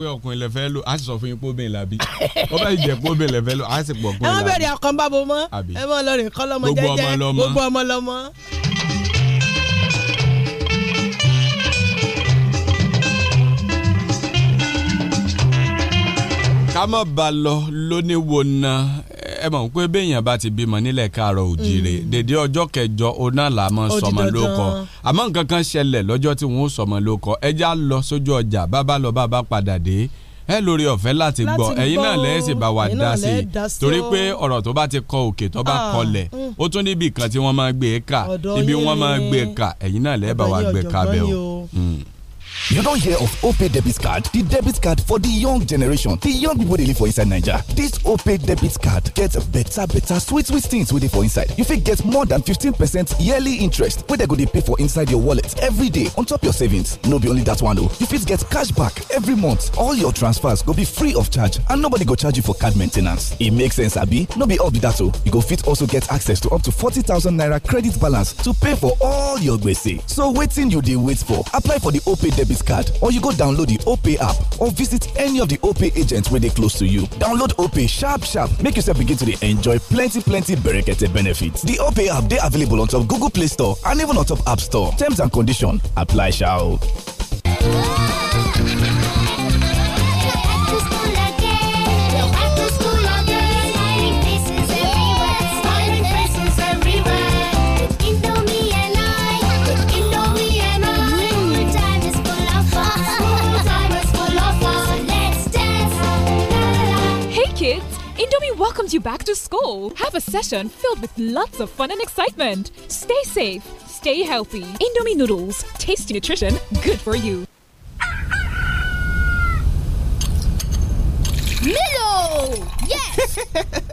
pé ọkùnrin lè fẹ́ lò á sì sọ fún yín pé obìnrin làbí wọ́n bá jẹ́ pé obìnrin lè fẹ́ lò á sì pọ̀ ọkùnrin làbí. ẹ má bẹ̀rẹ̀ ọkàn bá bo mọ́ ẹ má lọ rìn kọ́ lọ́mọ jẹ́jẹ́ gbogbo ọmọ lọ́mọ. ká má ba lọ lóníwòna ẹ mọ̀ pé béèyàn bá ti bímọ nílẹ̀ káàárọ̀ òjìrè mm. dèdè ọjọ́ kẹjọ oná là mọ́ sọmọ ló kọ àmọ́ nǹkan kan ṣẹlẹ̀ lọ́jọ́ tí wọ́n sọmọ ló kọ ẹja lọ sójú ọjà bàbá lọ bàbá padà dé ẹ lórí ọ̀fẹ́ láti gbọ́ ẹ̀yin náà lẹ́yìn sì bá wa dá sí i torí pé ọ̀rọ̀ tó bá ti kọ òkè tó bá ah, kọlẹ̀ mm. ó tún níbi kan tí wọ́n máa gbé e kà ibi wọ́n máa gbé e kà ẹ̀yin náà lẹ́yìn bá wa gbé e kà bẹ́ẹ̀ o. Mm. You don't hear of opay debit card? The debit card for the young generation. The young people they live for inside Niger. This opay debit card gets better better sweet sweet things with it for inside. You fit get more than 15% yearly interest wey dem go dey pay for inside your wallet every day on top your savings. No be only that one though. You fit get cash back every month. All your transfers go be free of charge and nobody go charge you for card maintenance. It e makes sense abi? No be all be that though. You go fit also get access to up to 40,000 naira credit balance to pay for all your gbese. So waiting, you dey wait for? Apply for the opay debit debit card or you go download the OPay app or visit any of the OPay agents when they close to you. Download OPay sharp sharp make yourself begin to enjoy plenty plenty berekete benefits. The OPay app they available on top Google Play Store and even on top App Store. Terms and conditions apply sha Indomie welcomes you back to school. Have a session filled with lots of fun and excitement. Stay safe, stay healthy. Indomie noodles, tasty nutrition, good for you. Milo! Yes!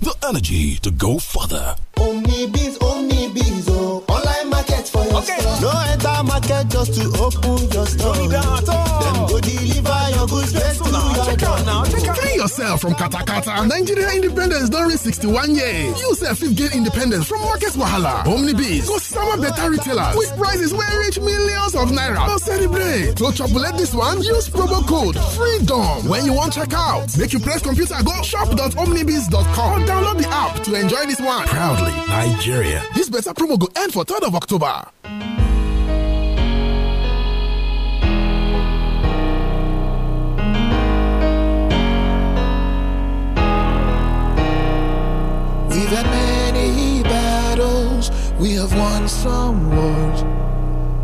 the energy to go further. Omnibiz, Omnibiz, oh, online market for your okay. store. No enter market just to open your store. No at all. Them go deliver your goods straight to your Check out now, check out. Free yourself from katakata. Nigeria independence during reach 61 years. Use sef fit gain independence from market wahala. Omnibiz go sama better retailers with prices where reach millions of naira. No celebrate. To chopulate this one, use promo code FREEDOM when you want check out. Make you press computer go shop.omnibiz.com. Download the app to enjoy this one. Proudly, Nigeria. This better promo go end for 3rd of October. We've had many battles, we have won some wars.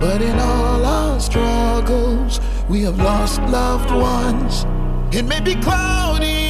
But in all our struggles, we have lost loved ones. It may be cloudy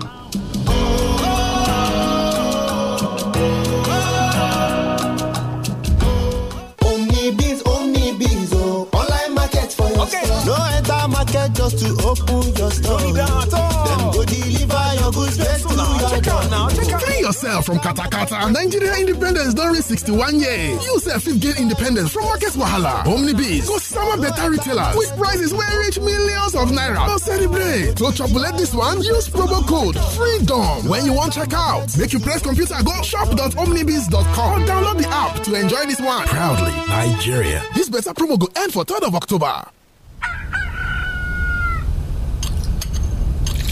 No enter market just to open your store. do go deliver your goods straight to your Check now. Check Free yourself from katakata. Nigeria independence don't reach 61 years. You sef fit gain independence from market wahala. OmniBiz go sama better retailers with prices where reach millions of naira. celebrate. To chopulate this one, use promo code FREEDOM when you want check out. Make you press computer go shop.omniBiz.com. or download the app to enjoy this one. Proudly Nigeria. This better promo go end for 3rd of October.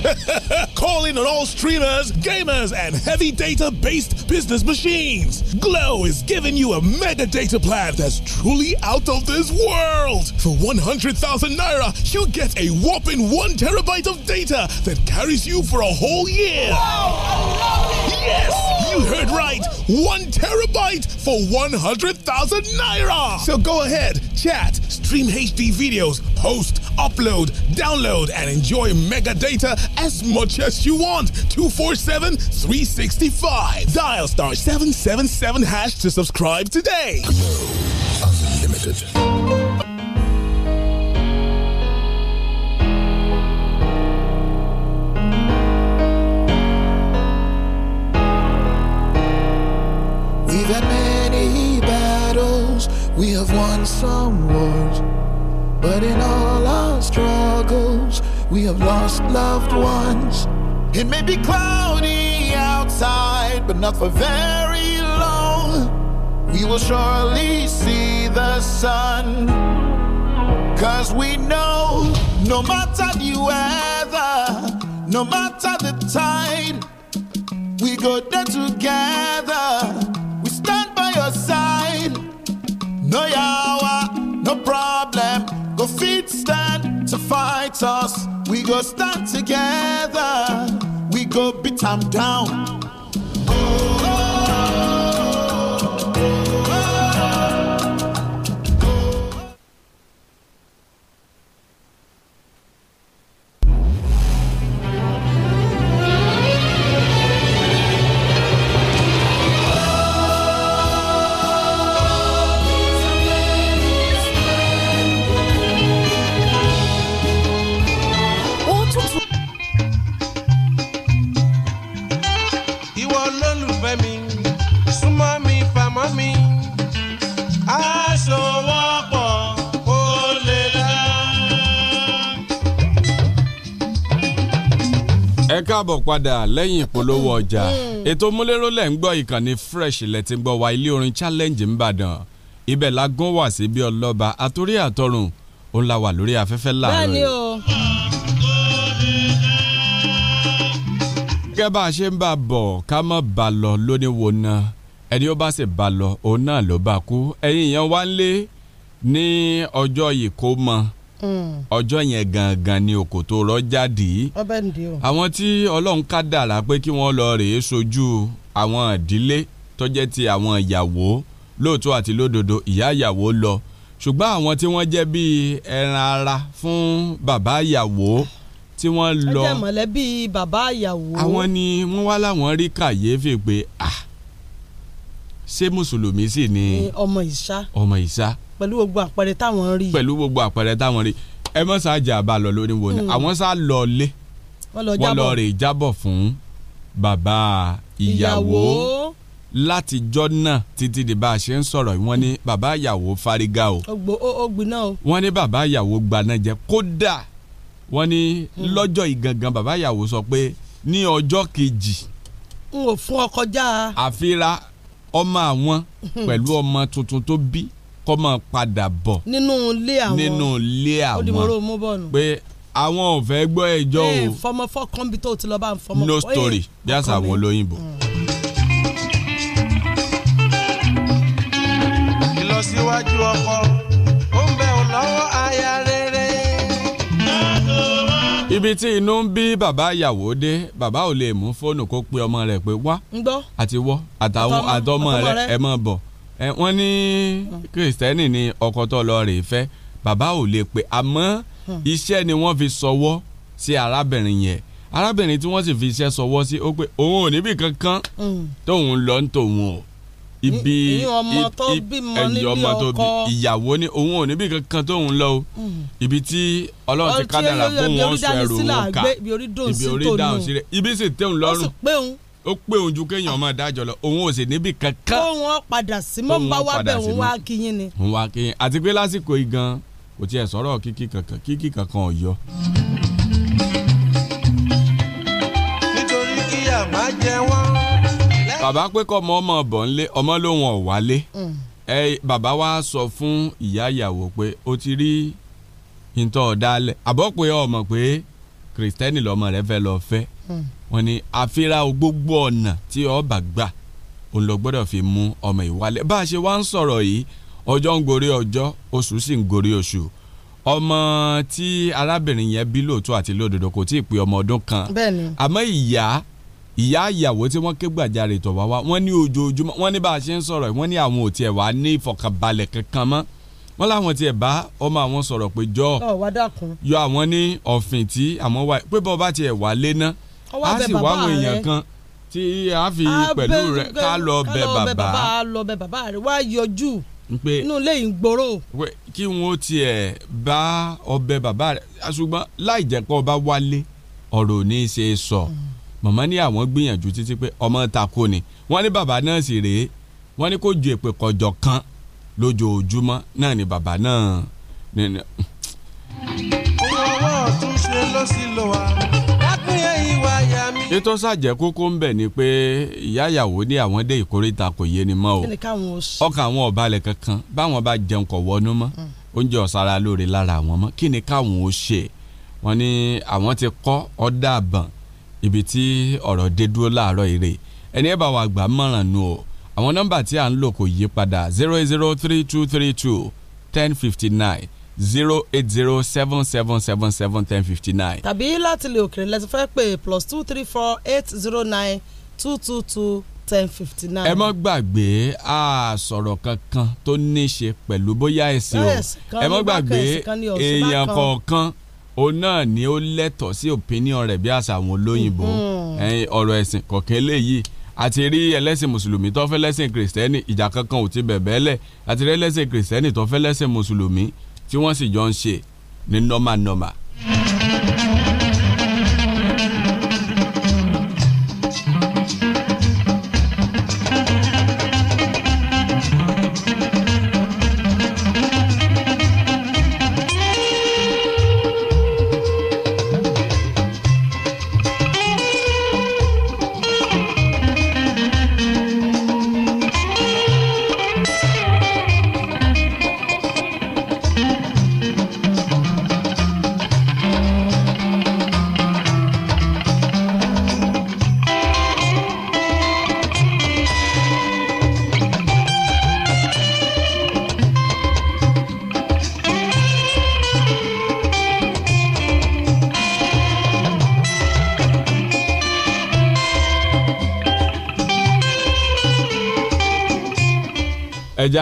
Call in on all streamers, gamers, and heavy data based business machines. Glow is giving you a mega data plan that's truly out of this world. For 100,000 naira, you get a whopping 1 terabyte of data that carries you for a whole year. Wow, yes, you heard right. 1 terabyte for 100,000 naira. So go ahead, chat, stream HD videos, post, Upload, download, and enjoy mega data as much as you want. 247 365. Dial star 777 hash to subscribe today. Unlimited. We've had many battles, we have won some wars. But in all our struggles, we have lost loved ones. It may be cloudy outside, but not for very long. We will surely see the sun. Cause we know no matter the weather, no matter the tide, we go there together. We stand by your side. No yawa, no problem go feet stand to fight us. We go stand together. We go beat them down. káàbọ̀ padà lẹ́yìn ìpolówó ọjà mm. ètò múlẹ́ró lẹ̀ ń gbọ́ ìkànnì fresh lẹ̀ ti gbọ́ wa ilé orin challenge ńbàdàn ibẹ̀ la gún wá sí bí ọlọ́ba àtòrí àtọrùn òun la wà lórí afẹ́fẹ́ láàárọ̀ yìí. gẹ́gẹ́ bá a ṣe ń bá a bọ̀ ká mọ̀ bá a lọ lónìí wo ná ẹni ó bá sì bá a lọ òun náà ló bá kú ẹ̀yin èèyàn wá ń lé ní ọjọ́ ìkómọ Mm. ọjọ́ yẹn gangan ni òkòtò rọ jáde. ọbẹ̀ o. àwọn tí ọlọ́run ká dàrá pé kí wọ́n lọ rèé sojú àwọn ìdílé tó jẹ́ ti àwọn ìyàwó lóòótọ́ àti lódodo ìyá ìyàwó lọ ṣùgbọ́n àwọn tí wọ́n jẹ́ bíi ẹran ara fún bàbá ìyàwó tí wọ́n lọ. ẹ jẹ́ mọ̀lẹ́bí bàbá ìyàwó. àwọn ni wọ́n wá láwọn rí kàyéfì pé ah, ṣé mùsùlùmí sì ni. ọmọ ìṣá. ọmọ ìṣá pẹ̀lú gbogbo àpẹẹrẹ táwọn rí. pẹ̀lú gbogbo àpẹẹrẹ táwọn rí ẹ mọ̀ sáàjà àbálọ lórí wo ni hmm. àwọn sá lọ lé wọ́n lọ rè jábọ̀ fún bàbá ìyàwó látijọ́ náà títí di bá a ṣe ń sọ̀rọ̀ wọ́n ní bàbá ìyàwó fárígá o ó gbiná o wọ́n ní bàbá ìyàwó gbaná jẹ kódà wọ́n ni hmm. lọ́jọ́ ìgangan bàbá ìyàwó sọ pé ní ọjọ́ kejì n ò fún ọ àfira ọmọ àwọn hmm. pẹ̀lú ọmọ tuntun tó bí kọ́ padà bọ̀ nínú ilé àwọn nínú ilé àwọn odìmọ̀rọ̀ mú bọ̀ pé àwọn ò fẹ́ gbọ́ ẹjọ́ o fọmọ fọ kọ́ńbí tó ti lọ bá ń fọmọ. no story bí àṣà àwọn olóyìnbó. Mm. ìlọsíwájú ọkọ ó ń bẹ ò lọ́wọ́ aya rere. ibi tí inú ń bí bàbá ìyàwó dé bàbá ò lè mú fóònù kó pe ọmọ rẹ̀ pé wá àti wọ́ àtàwọn àtọmọ rẹ̀ ẹ máa bọ̀ wọ́n ní kristẹni ni ọkọ tó lọ rè fẹ́ bàbá ò lè pè àmọ́ hmm. iṣẹ́ ni wọ́n fi sọwọ́ sí arábìnrin yẹn arábìnrin tí wọ́n sì fi iṣẹ́ sọwọ́ sí ó pé òun ò níbi kankan hmm. tóun lọ ń tòun o ibi ẹ̀yìn ọmọ tó bí ìyàwó ni òun ò níbi kankan tóun lọ o hmm. ibi tí ọlọ́run ti kádàrà fún wọn sọ ẹrù wọn kà ibi orí dáhùn sí rẹ̀ ibi sì tẹ̀hún lọ́rùn ó pé ojú kéèyàn máa dájọ lọ òun ò sì níbi kankan. kó wọn padà sí mọ́ bá wá bẹ̀ òun wá kíyìn ni. òun wá kíyìn àti pé lásìkò yìí gan kò tiẹ̀ sọ̀rọ̀ kíkí kankan kíkí kankan ò yọ. nítorí kíyà má jẹ wọ́n. bàbá pé kọ́ ọmọ ọmọ bọ̀ ńlé ọmọ ló wọn ò mm. ẹ bàbá wa sọ fún ìyá ìyàwó pé o ti rí ìtọ̀ ọ̀dálẹ̀ àbọ̀ pé ọmọ pé kìrìsìtẹ́nì lọmọ rẹ fẹ́ lọ fẹ́. Mm wọ́n ní àfira gbogbo ọ̀nà tí ọba gbà òun lọ gbọ́dọ̀ fi mú ọmọ ìwálẹ̀ bá a ṣe wá ń sọ̀rọ̀ yìí ọjọ́ ń gorí ọjọ́ oṣù sì ń gorí oṣù ọmọ tí arábìnrin yẹn bí lóòótọ́ àti lódodo kò tí ì pé ọmọ ọdún kan àmọ́ ìyá ìyá ìyàwó tí wọ́n ké gbàjarè tọ̀ wá wá wọ́n ní ojoojúmọ́ wọ́n ní bá a ṣe ń sọ̀rọ̀ wọ́n ní àwọn ò tiẹ̀ wá ní ìfọ̀kànbalẹ̀ kankan mọ́ wọ́n láwọn tiẹ̀ bá ọmọ àwọn sọ̀rọ̀ pé jọ́ yọ àwọn ní ọ̀fìn tí àwọn wà pé bọ́ bá tiẹ̀ wá lé náà a sì wá àwọn èèyàn kan tí a fi pẹ̀lú rẹ̀ ká lọ bẹ bàbá ká lọ bẹ bàbá rẹ̀ wá yọjú inú ilé yìí ń gbòòrò. kí wọn ó tiẹ̀ bá ọbẹ̀ bàbá rẹ̀ ṣùgbọ́n láì jẹ́ pé ọba wálé ọ̀rọ̀ ò ní í ṣe sọ màmá ní àwọn gbìyànjú títí pé ọmọ tako ni wọ́n ní bàbá náà sì rèé wọ́n ní kó ju èpè kọjọ kan lójoojúmọ́ náà ni bàbá náà. owó ọwọ́ ṣe ló sì lò wá èyí tó ṣàjẹ́ kókó ń bẹ̀ ni pé ìyá ìyàwó ní àwọn dé ìkórìtà kò yé ni mọ́ o ọkàn àwọn ò balẹ̀ kankan báwọn bá jẹun kò wọnú mọ́ hmm. oúnjẹ ò sára lóore lára àwọn mọ́ kí ni káwọn ó ṣe wọ́n ní àwọn ti kọ́ ọ̀dà àbàn ibi tí ọ̀rọ̀ dé dúró láàárọ̀ ire ẹni ẹ bá wa gbà mọ̀ràn nù o àwọn nọ́mbà tí à ń lò kò yí padà zero zero three two three two ten fifty nine zero eight zero seven seven seven seven ten fifty nine. tàbí láti ilẹ̀ òkèèrè lẹ́sìn fẹ́ pé plus two three four eight zero nine two two two ten fifty nine. ẹ mọ́ gbàgbé a sọ̀rọ̀ kankan tó ní í ṣe pẹ̀lú bóyá ẹ̀sìn o ẹ mọ́ gbàgbé èèyàn kọ̀ọ̀kan òun náà ni ó lẹ́tọ̀ọ́ sí opinion rẹ̀ bí àṣà àwọn olóyìnbó mm-hmm. ọ̀rọ̀ ẹ̀sìn kọ̀ọ̀kan eléyìí àti rí ẹlẹ́sìn mùsùlùmí tó fẹ́ lẹ́sìn kìrìsìtẹ́nì ìjà kankan ò ti bẹ̀bẹ̀ lẹ̀ àti rí ẹlẹ́sìn kìrìsìtẹ́nì tó fẹ́ lẹ́sìn mùsùlùmí tí wọ́n sì jọ ń ṣe ní normal normal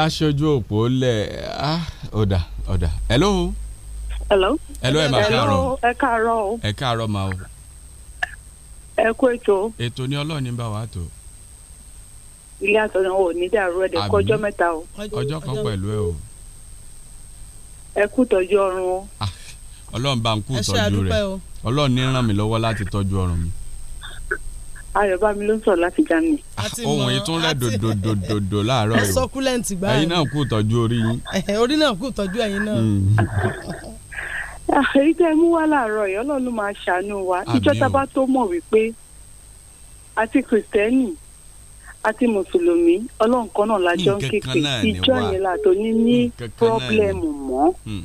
aṣojú òpó lẹ̀ ọ̀dà ah, ọ̀dà hello. hello. hello ẹ máa káàárọ̀. ẹ káàárọ̀ o. ẹ káàárọ̀ máa o. ẹ kú ètò. ètò ni ọlọ́run ní bá wa tó. ilé àtọ̀nà ò ní dàrú ẹ̀dẹ̀ kọjọ́ mẹ́ta o. ọjọ́ kan pẹ̀lú ẹ o. ẹ kú tọ́jú ọrùn o. Ah, ọlọ́run bá ń kú tọ́jú rẹ̀ ọlọ́run ní ràn mí lọ́wọ́ láti tọ́jú ọrùn mi. Ayọ̀bámi ló ń sọ̀rọ̀ láti Germany. ohun èyí tó ń rẹ̀ dòdòdòdò láàárọ̀ yìí. sọkúlẹ̀ǹtì gbáyé. ẹ̀yin náà kú tọ́jú orí yín. orí náà kú tọ́jú ẹ̀yin náà. Hmm. Ah, èyí tẹ́ ẹ mú wá láàárọ̀ yìí Ọlọ́run ló máa ṣàánú wa ìjọ tábà tó mọ̀ wípé àti kìrìtẹ́nì àti mùsùlùmí Ọlọ́run kan náà lájọ ń képe ìjọ yẹn làtọ̀ ní ní pọ́blẹ́mù mọ́. Hmm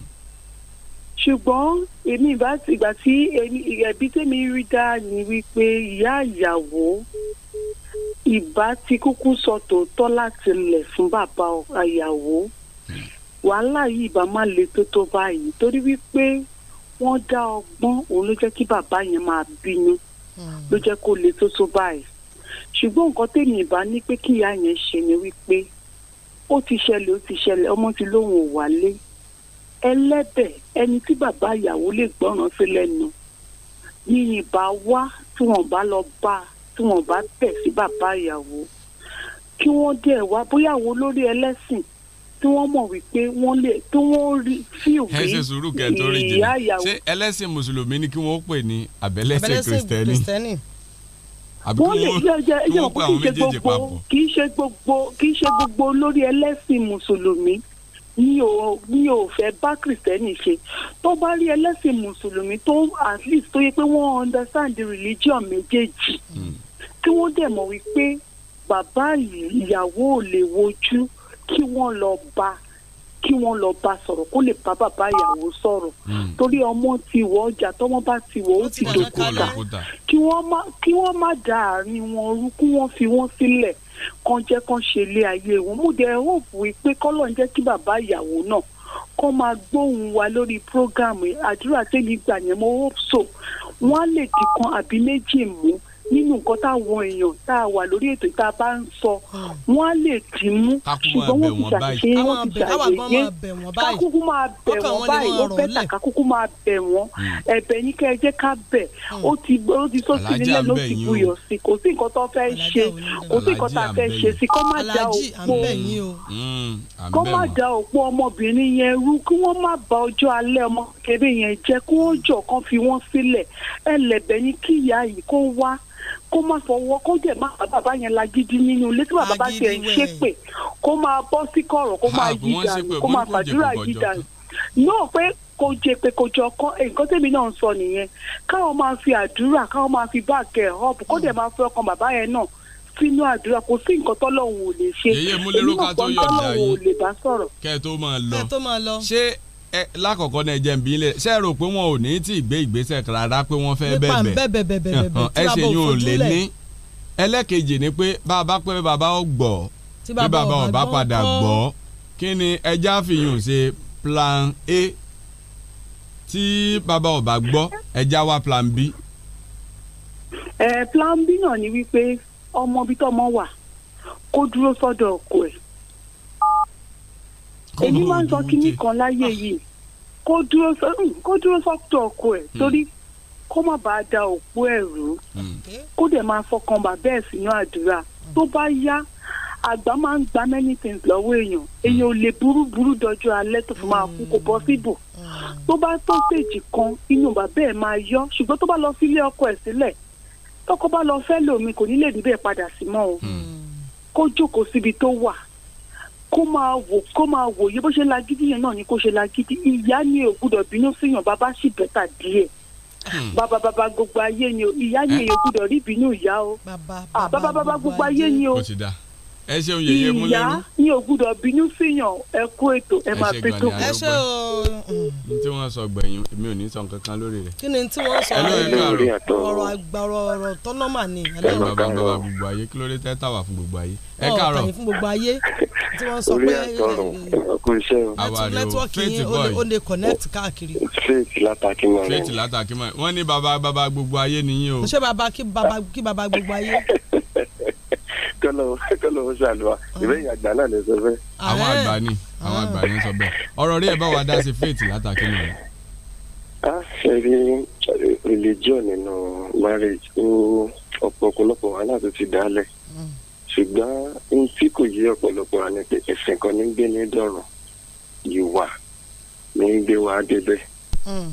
ṣùgbọ́n èmi ìbá ìgbà tí ẹbí tèmi rí dá ni wípé ìyá ìyàwó ìbá ti kúkú sọ tòótọ́ láti lẹ̀ fún bàbá ìyàwó wàhálà yìí ìbá má le tó tó báyìí torí wípé wọ́n dá ọgbọ́n òun ló jẹ́ kí bàbá yẹn máa bínú ló jẹ́ kó le tó tó báyìí ṣùgbọ́n nǹkan tèmi ìbá ní pé kíyà yẹn ṣe ni wípé ó ti ṣẹlẹ̀ ó ti ṣẹlẹ̀ ọmọ ti lóun ò ẹlẹ́dẹ̀ ẹni tí bàbá ìyàwó lè gbọ́ràn sí lẹ́nu ní ìbá wá tí wọ́n bá lọ bá tí wọ́n bá tẹ̀ sí bàbá ìyàwó kí wọ́n dẹ̀ wá bóyá wo lórí ẹlẹ́sìn tí wọ́n mọ̀ wípé wọ́n lè tí wọ́n rí fíìwé ìyá ìyàwó. ṣé ẹlẹ́sìn mùsùlùmí ni kí wọ́n pè ní àbẹ́lẹ́sìn kìrìsìtẹ́nì wọ́n lè jẹ́ jẹ́ yẹn kò kì í ṣe gbogbo kì í ṣe gbogbo lórí ẹlẹ́sìn mùsùlùmí mi ò mi ò fẹ́ bá kìrìsìtẹ́nì ṣe tó bá rí ẹlẹ́sìn mùsùlùmí tó at least tó yẹ pé wọ́n understand the religion méjèèjì hmm. kí wọ́n dẹ̀ mọ̀ wípé bàbá yìí ìyàwó ò lè wojú kí wọ́n lọ bá a kí wọ́n lọ bá sọ̀rọ̀ kó lè bá bàbá ìyàwó sọ̀rọ̀ hmm. torí ọmọ ti wọ ọjà tọmọ bá ti wọ ó ti dòkúta kí wọ́n má da àárín wọn rú kí wọ́n fi wọ́n sílẹ̀ kan jẹ́ kan ṣe ilé ayé wọn mo dẹ̀ hóòpù pé kọ́lọ̀ ń jẹ́ kí bàbá ìyàwó náà kọ́ máa gbóhùn wa lórí prógáàmù àdúrà tẹ́lẹ̀ ìgbà yẹn mo hope so wọ́n á lè dìkan àbí méjì mú nínú nǹkan táwọn èèyàn tá a wà lórí ètò tá a bá ń sọ wọn á lè dì í mú ṣùgbọ́n wọn ti ṣàṣeyé wọn ti ṣàṣeyé kákúkú máa bẹ̀ wọ́n báyìí ó fẹ́ tà kákúkú máa bẹ̀ wọ́n ẹ̀bẹ̀ ní kẹ́ ẹ jẹ́ ká bẹ̀ hmm. ó ti ó ti sọ sí nílẹ̀ ló ti buyọ̀ sí kò sí nǹkan tó fẹ́ ṣe kò sí nǹkan tá a fẹ́ ṣe sí kọ́ má da òpó kọ́ má da òpó ọmọbìnrin yẹn rú kí wọ́n má bà ọjọ́ alẹ́ ọmọ kékeré yẹn jẹ́ kó hmm. jọ̀ kan fi wọ́n sílẹ̀ ẹlẹ́bẹ̀ ní kíyà yìí kó wá kó má fọwọ́ kó jẹ̀ má bàbá bá yẹn lagídí nínú ilé tí bàbá bá tiẹ̀ ń ṣépè kó máa bọ́ sí kọ̀rọ̀ kó máa ah, yí dànù kó máa fàdúrà yí dànù náà pé kò jẹ pé kò jọ kọ eh, nǹkan tèmi náà ń sọ nìyẹn káwọn máa fi àdúrà káwọn máa fi báàkì ẹ̀ họ́ọ̀b kó dẹ̀ máa fẹ́ ọkàn bàbá yẹn náà sínú àdúrà kò sí nǹkan tọ́lọ́hún ò lè ṣe èmi náà kọ́ tọ́lọ́hún ò lè bá sọ̀rọ̀. kẹ́ tó máa lọ ṣé ẹ lákọ̀ọ́kọ́ náà jẹ́ nbí ilé ṣe é rò pé wọn ò ní tí ì gbé ìgbésẹ̀ rárá pé wọ́n fẹ́ bẹ̀bẹ̀ ẹsẹ̀ yóò lè ní ẹlẹ́kejì ni pé bàbá pé bàbá ó gbọ́ tí bàbá ò bá padà gbọ́ kí ni ẹja fìyàn ṣe plan A tí bàbá ò bá gbọ́ ẹja wá plan B. plan B náà ni wípé ọmọ ibi tó ọmọ wà kó dúró sọ́dọ̀ ọkọ ẹ̀ èmi máa ń sọ kínní kan láyé ah. yìí kó dúró mm, kó dúró sọ́tọ̀ ọkọ ẹ̀ hmm. torí kó má bàa da òpó ẹ̀ rú hmm. kó dẹ̀ máa fọkàn bàbá ẹ̀ sínú àdúrà tó bá yá àgbà máa ń gba many things lọ́wọ́ èèyàn hmm. èèyàn ò lè burú burú dọjọ́ alẹ́ tó fi máa kú kó bọ́ síbò tó bá tó stage kan inú bàbá ẹ̀ máa yọ ṣùgbọ́n tó bá lọ sílé ọkọ ẹ̀ sílẹ̀ tọkọ bá lọ fẹ́ lòmí kò ní lè níbẹ̀ padà sí mọ́ o kó jókòó síbi tó wà kó máa wò kó máa wòye bó ṣe lagídí yẹn náà ni kó ṣe lagídí ìyá ni ò gbúdọ̀ bínú síyàn bàbá sì bẹ́tà díẹ̀ hmm. bàbá bàbá gbogbo ayé ni ìyá ni eh? ò gbúdọ̀ rí bínú ìyá o bàbá ah, bàbá gbogbo ayé ni o ẹ ṣeun yèyé mú lẹ́nu. ìyá mi ò gbúdọ̀ bínú síyàn ẹ kú ètò ẹ máa pe tó. ẹ ṣe o. n tí wọ́n sọ gbẹ̀yìn èmi ò ní sọ nǹkan kan lórí rẹ̀. kí ni tí wọ́n sọ ọ̀rọ̀ àgbàrọ̀ ọ̀rọ̀ tọ́nọ́mà ni. ẹ bàbá bàbá gbogbo ayé kí ló dé tẹ́tà wà fún gbogbo ayé. ẹ káàárọ̀ ọ̀tàyìn fún gbogbo ayé tí wọ́n sọ pé nẹ́tíwọ́ọ̀kì eh, yín ó lè connect káàkiri. faith látàkì mọ́ faith látàkì mọ́ wọ́n ní bàbá bàbá gbogbo ayé nìyí o. ṣé bàbá kí bàbá gbogbo ayé. kọlọ ó ṣàlùwà ìwé ìyàgbà náà lè sọ bẹ́ẹ̀. àwọn àgbà ni àwọn àgbà ni sọ bẹ́ẹ̀ ọ̀rọ̀ rí ẹ̀ bá wa dá sí faith látàkì nìyẹn. a ṣẹ̀rí religion nínú marriage ó ọ̀pọ̀lọpọ̀ wàhálà tó ti dálẹ̀ mm. ṣùgbọ́n n tí kò yé ọ̀pọ̀lọpọ̀ wa ni pé ẹ̀sìn wa débẹ̀ mm.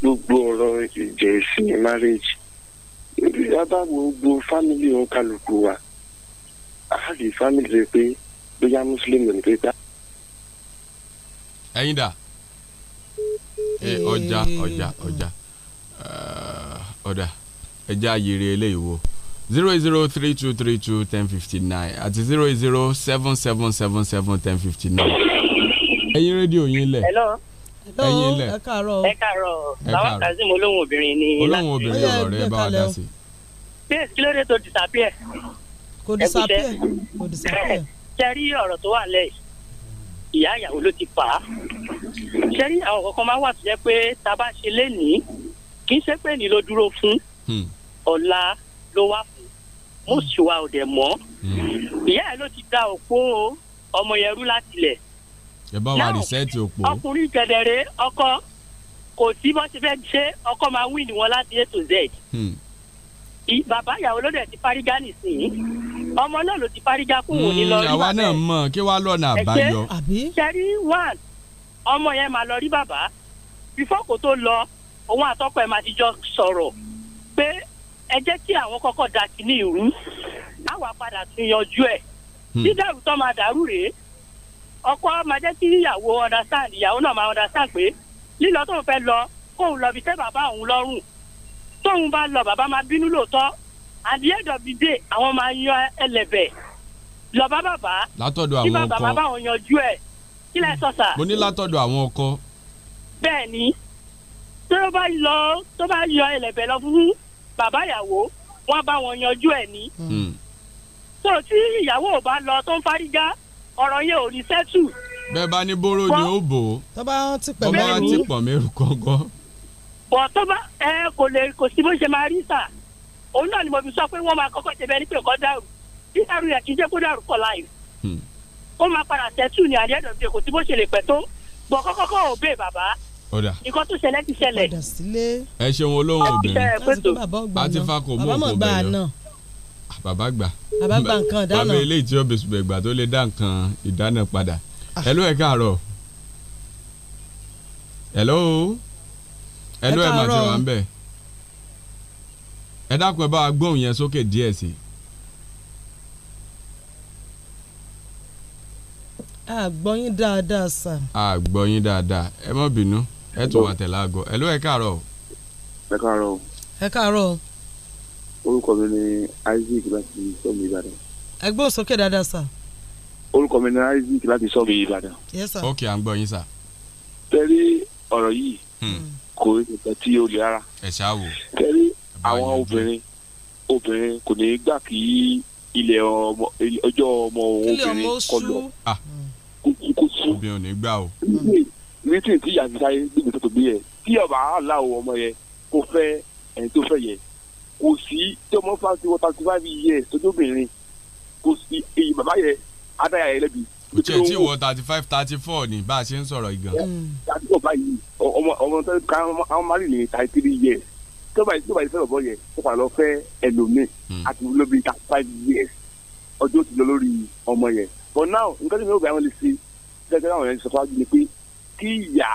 gbogbo ọrọ ìsìn marriage gbogbo fámìlì wa àárín family rẹ pé bóyá muslim lónìí pé tá. ẹyin dà ẹ ọjà ọjà ọjà ọ̀dà ẹja ayèrè eléyìí wo zero eight zero three two three two ten fifty nine àti zero eight zero seven seven seven seven ten fifty nine. ẹyin rédíò yín lẹ. hello ẹyin lẹ ẹ káàárọ̀ ẹ káàárọ̀ bàbá kazeem olóhùn obìnrin ni. olóhùn obìnrin ọ̀rọ̀ rẹ bá wa dá sí. bẹ́ẹ̀ kí ló dé tó disappear kò disappear kò disappear. ṣe rí ọ̀rọ̀ tó wà lẹ́yìn ìyá ìyàwó ló ti fà á ṣe rí àwọn kọ̀ọ̀kan máa wà tó jẹ́ pé tá bá ṣe lénìí kì í ṣe pé ní ló dúró fún hmm. ọ̀la ló wá fún mọ́ọ̀sì hmm. wa ò dẹ̀ mọ́ hmm. ìyá ẹ̀ ló ti da òpó ọmọ yẹn rú látilẹ̀ ẹ bá wa rìsẹ́ẹ̀tì òpó. ọkùnrin gẹ̀dẹ̀rẹ̀ ọkọ kò sí bó ṣe fẹ́ ṣe ọkọ máa wí ni wọn láti a to z. bàbá ìyàwó ló dẹ̀ ti parí gánì sí i ọmọ náà ló ti fárígá kó wò ní lọ rí hmm, bàbá àwa náà mọ̀ kí wàá lọ́nà àbáyọ. sẹ́rí one ọmọ yẹn máa lọ rí bàbá bífọ́ kó tó lọ òun àtọ́kọ ẹ̀ máa ti jọ sọ̀rọ̀ pé ẹ jẹ́ kí àwọn kọ́kọ́ da kínní ìrú àwa padà tún yanjú ẹ̀ hmm. dídàrú tó máa dàrú rèé ọkọ máa jẹ́ kí ìyàwó understand ìyàwó náà máa understand pé lílọ tóun fẹ́ lọ kóun lọ bí tẹ́ bàbá òun lọ́rùn tóun bá lọ bàbá máa bínú lóòótọ́ at the end of the day àwọn máa yan ẹlẹ́bẹ̀ lọ́ba bàbá látọ̀dọ̀ àwọn ọkọ kí bàbá bá wọn yanjú ẹ̀ kí lẹ sọ sà. mo ní látọ̀dọ̀ àwọn ọkọ. bẹ́ẹ̀ ni tó bá lọ tó bá yan ẹlẹ́bẹ̀ lọ fún bàbá ìyàwó wọn bá wọn yanjú ẹ̀ ni. Hmm. so tí ìyàwó ò bá lọ tó ń fárígá ọ̀rọ̀ yẹn ò ní sẹ́tù. bẹ́ẹ̀ bá ní bóró ni ó bò ó tó bá ti pọ̀ mẹ́rù kọ̀ọ̀kan. bọ̀ tó bá ẹ kò lè kò sí bó ṣe máa rí sà òun náà ni mo fi sọ pé wọ́n máa kọ́kọ́ ṣe bẹ́ẹ̀ ní pé nǹkan dàrú dídàrú yẹn kì í jẹ́ kó dàrú kọ̀ láì hmm. ó máa padà tẹ́tù ní àdéhùn ìdè kò tí bó ṣe lè pẹ́ tó gbọ́ kọ́kọ́kọ́ ò bẹ́ẹ̀ bàbá nǹkan tó ṣẹlẹ̀ ti ṣẹlẹ̀ ẹ ṣeun olóhùn obìnrin ah, bàbá gbà bàbá ilé ìtí ọbẹ̀ ṣùgbọ́n tó lè dá nǹkan ìdáná padà ah. hello ẹ káàárọ̀ hello hello ẹ máa ti wà ń bẹ̀ ẹ dákun ẹ bá wa gbóhùn yẹn sókè díẹ̀ sí i. àgbọ̀yìn dáadáa sà. àgbọ̀yìn dáadáa ẹ má bínú ẹ tún wà tẹ̀lé aago ẹ ló ẹ káàárọ̀ o. ẹ káàárọ̀ o. ẹ káàárọ̀ o. orúkọ mi ni isaac láti sọ́ọ̀mù ìbàdàn. ẹ gbóhùn sókè dáadáa sà. orúkọ mi ni isaac láti sọ́ọ̀mù ìbàdàn. ok à ń gbọ́ yín sà. tẹ́rí ọ̀rọ̀ yìí hmm. kò ní nǹkan tí ó le ara. ẹ ṣáà wò. tẹ́rí àwọn obìnrin obìnrin kò ní gbà kí ilẹ̀ ọmọ ọjọ́ ọmọ obìnrin kọ lọ ah. kó sú obìnrin ò ní gbà o. nítorí tí yàtí sáyé níbi tó tó gbé yẹ tí ọba aláwọ ọmọ yẹ kó fẹ́ ẹni tó fẹ́ yẹ kò sí tí ọmọ fáwọn wọn thirty five years tọjú obìnrin kò sí èyí bàbá yẹ adáyà yẹ lẹ́bi. kò tiẹ̀ tí wọ thirty five thirty four ni bá a ṣe ń sọ̀rọ̀ yìí gan. Mm. ọmọ ọmọ tó ká àwọn máa rìn ní thirty three years tó bá tó bá yìí fẹ́ bọ̀bọ̀ yẹ kó padà lọ fẹ́ ẹlòmíì hmm. àti lóbi ta five years ọjọ́ ti lọ lórí ọmọ yẹn but now nǹkan tí mi ò gbà wọn lè ṣe gẹ́gẹ́ àwọn yẹn sọ fún wa ni pé kí ìyá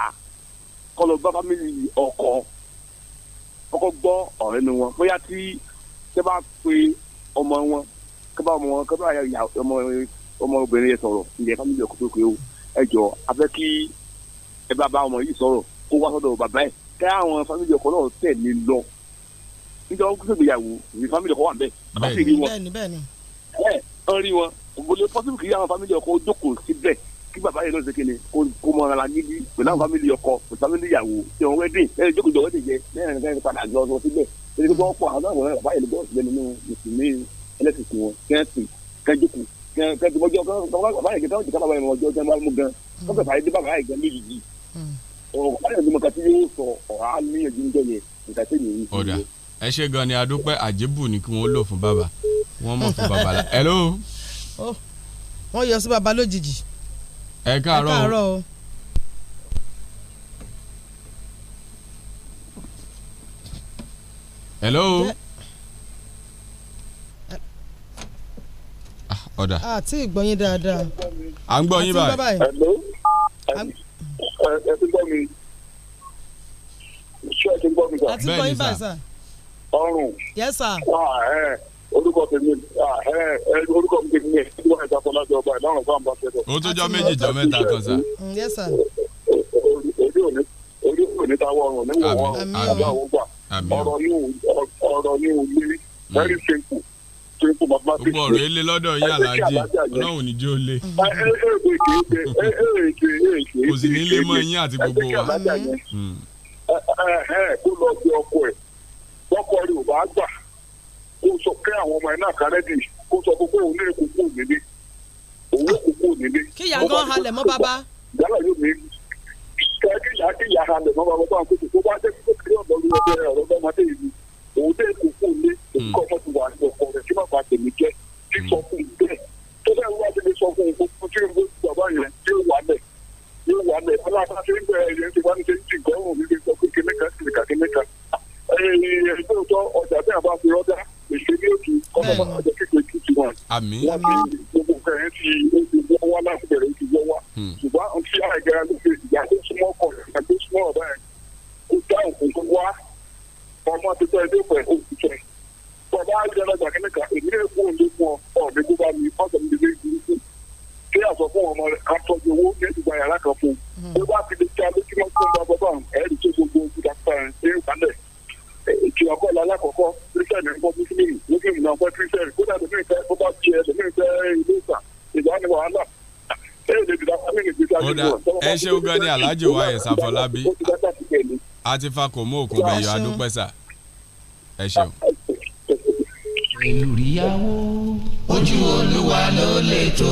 kọlọ bá fámìlì ọkọ ọkọ gbọ́ ọ̀rẹ́ nu wọn bóyá tí tẹ bá pe ọmọ wọn kí bá ọmọ wọn kí bá ọmọ ọmọbìnrin yẹn sọ̀rọ̀ ìyẹn fámìlì ọkọ pé pé o ẹ jọ abẹ́ kí ẹ bá bá ọmọ yìí sọ̀rọ̀ kó wá sọ́dọ̀ bàbá ẹ̀ dá àwọn fámìlì ọkọ náà tẹ̀lé lọ nítorí wọn kó sègbéyàwó ní fámìlì ọkọ wà bẹ́ẹ̀ àbáṣe rí wọn ẹ ọ rí wọn ògbólé pọ́sibú kì í àwọn fámìlì ọkọ jókòó síbẹ̀ kí bàbá yẹn lọ́sẹ̀ kele kó mọ ara gidi pẹ̀lú àwọn fámìlì ọkọ pẹ̀lú fámìlì ìyàwó ṣe wọn wẹ́dìn lẹ́yìn jókòó jọ wẹ́dìn jẹ lẹ́yìn nǹkan yẹn padà lọ sọ síbẹ̀ ṣe kí pọ̀ àwọn àwọn bàbá yẹn gbọ́ ọ̀ wàhálà ìdúmọ̀kàtí yóò sọ ọ̀rá níyànjú níjọ yẹn nǹkan tẹ̀ yẹn yìí. ọ̀dà ẹ ṣe gan ni adúpẹ́ àjẹbù ni kí wọ́n lò fún bàbá wọ́n mọ̀ fún bàbá la. hello. wọ́n yọ sí bàbá lójijì. ẹ káàárọ̀ o. ẹ káàárọ̀ o. hello. Ah, ọ̀dà. àti ìgbọ̀nyin dáadáa. à ń gbọ́ yín báyìí. hello ẹ ti gbọ́ mi ṣé ẹ ti gbọ́ mi sà. àti gbọ́ yín báyìí sà. ọrùn. yes sà. orúkọ tèmi orúkọ mi tèmi ẹ ti wá ìta fọlá jọ báyìí láwọn fáwọn bá fẹ́ sọ. o tó jọ méjì jọ mẹ́ta kan sà. Mm, yes sà. orí òní orí òní ta wọrùn níwọ̀n wọn àbí àwọn gbà ọ̀rọ̀ yóò ọ̀rọ̀ yóò lé mm. very simple ṣe kó bàbá fi ṣe. gbogbo ọ̀rọ̀ ilé lọ́dọ̀ yín aláàjì ọlọ́run ní jẹ́ ó lé. kò sì ní lé mọ́ yín àti gbogbo wa. kó lọ bí ọkọ ẹ̀ lọ́kọ rẹ̀ ò bá gbà kó sọ pé àwọn ọmọ ẹ̀ náà kárẹ́dì kó sọ pé òun ní kókó nílé òun kókó nílé. kí ìyá gan halẹ̀ mọ́ bàbá. yálà yóò ní kí ìyá halẹ̀ mọ́ bàbá tó àwọn kókó tó bá jẹ́ kókó kiri ọ̀dọ́ lórí ọ̀dọ́ ọ̀dọ́ ọmọdé yìí òun dẹ́ kó fún mi èyí kọ́ ọmọ ní ọkọ rẹ̀ kí bàbá tèmi jẹ́ kí sọ fún un bẹ́ẹ̀ tó bẹ́ẹ̀ wá sí mi sọ fún un gbogbo tí gbogbo bàbá yẹn tí wà lẹ̀ tí wà lẹ̀ aláàbá ṣe ń bẹ̀rẹ̀ ẹ̀yẹ ti wá ní ṣe ń ti mi sọ pé kìnìkan kìnìkan kìnìkan ẹ̀ẹ́dẹ́gbẹ̀rún ọjà tí àbá fi rọ́dá èṣèlú òkú kọ́ gan ni alhaji wa ẹ̀sà fọlábí àti fakọ̀ mọ́ òkun bẹ̀yọ adúpẹ́sà ẹ ṣeun. pẹ̀lú ìyàwó ojú olúwa ló lè tó.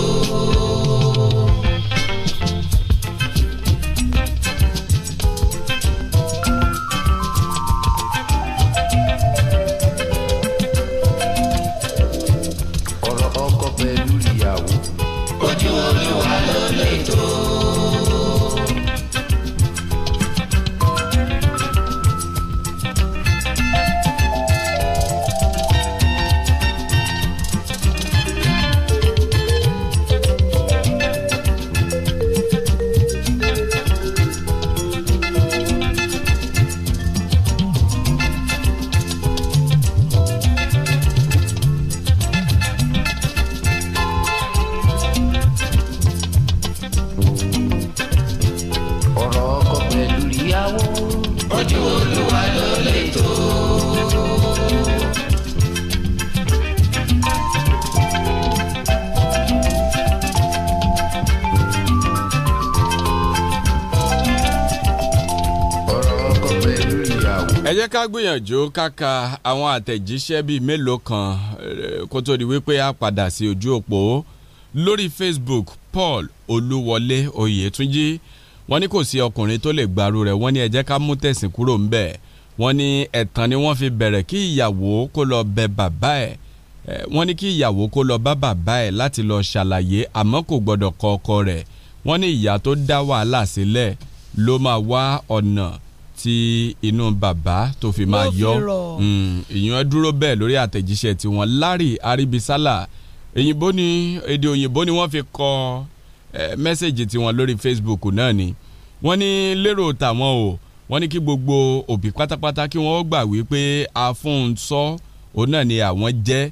ẹ jẹ́ ká gbìyànjú káka àwọn àtẹ̀jíṣẹ́ bíi mélòó kan eh, kó tó di wípé a padà sí ojú òpó lórí Facebook Paul Olúwọlé Oyètúnjí wọ́n ní kò sí ọkùnrin tó lè gbàrú rẹ̀ wọ́n ní ẹ jẹ́ ká mú tẹ̀sìn kúrò ń bẹ̀ wọ́n ní ẹ̀tàn ni wọ́n fi bẹ̀rẹ̀ kí ìyàwó kó lọ bẹ bàbá ẹ̀ eh, wọ́n ní kí ìyàwó kó lọ bá bàbá ẹ̀ láti lọ ṣàlàyé àmọ́ kò gbọ́dọ̀ kọ ọkọ rẹ̀ wọ́n ní ìyá tó dá wàhálà sílẹ̀ ló máa wá ọ̀nà tí inú bàbá tó fi máa yọ mm, ìyẹn dúró bẹ́ẹ̀ lórí àtẹ̀jíṣẹ́ tiwọn Larry Aribisala òyìnbó ni èdè òyìnbó ni wọ́n fi kọ mẹ́sẹ̀gì tiwọn lórí Facebook náà ni wọ́n ní lérò tàwọn o wọ́n ní kí gbogbo òbí pátápátá kí wọ́n gbà wípé afúnṣọ́ òun náà ni àwọn jẹ́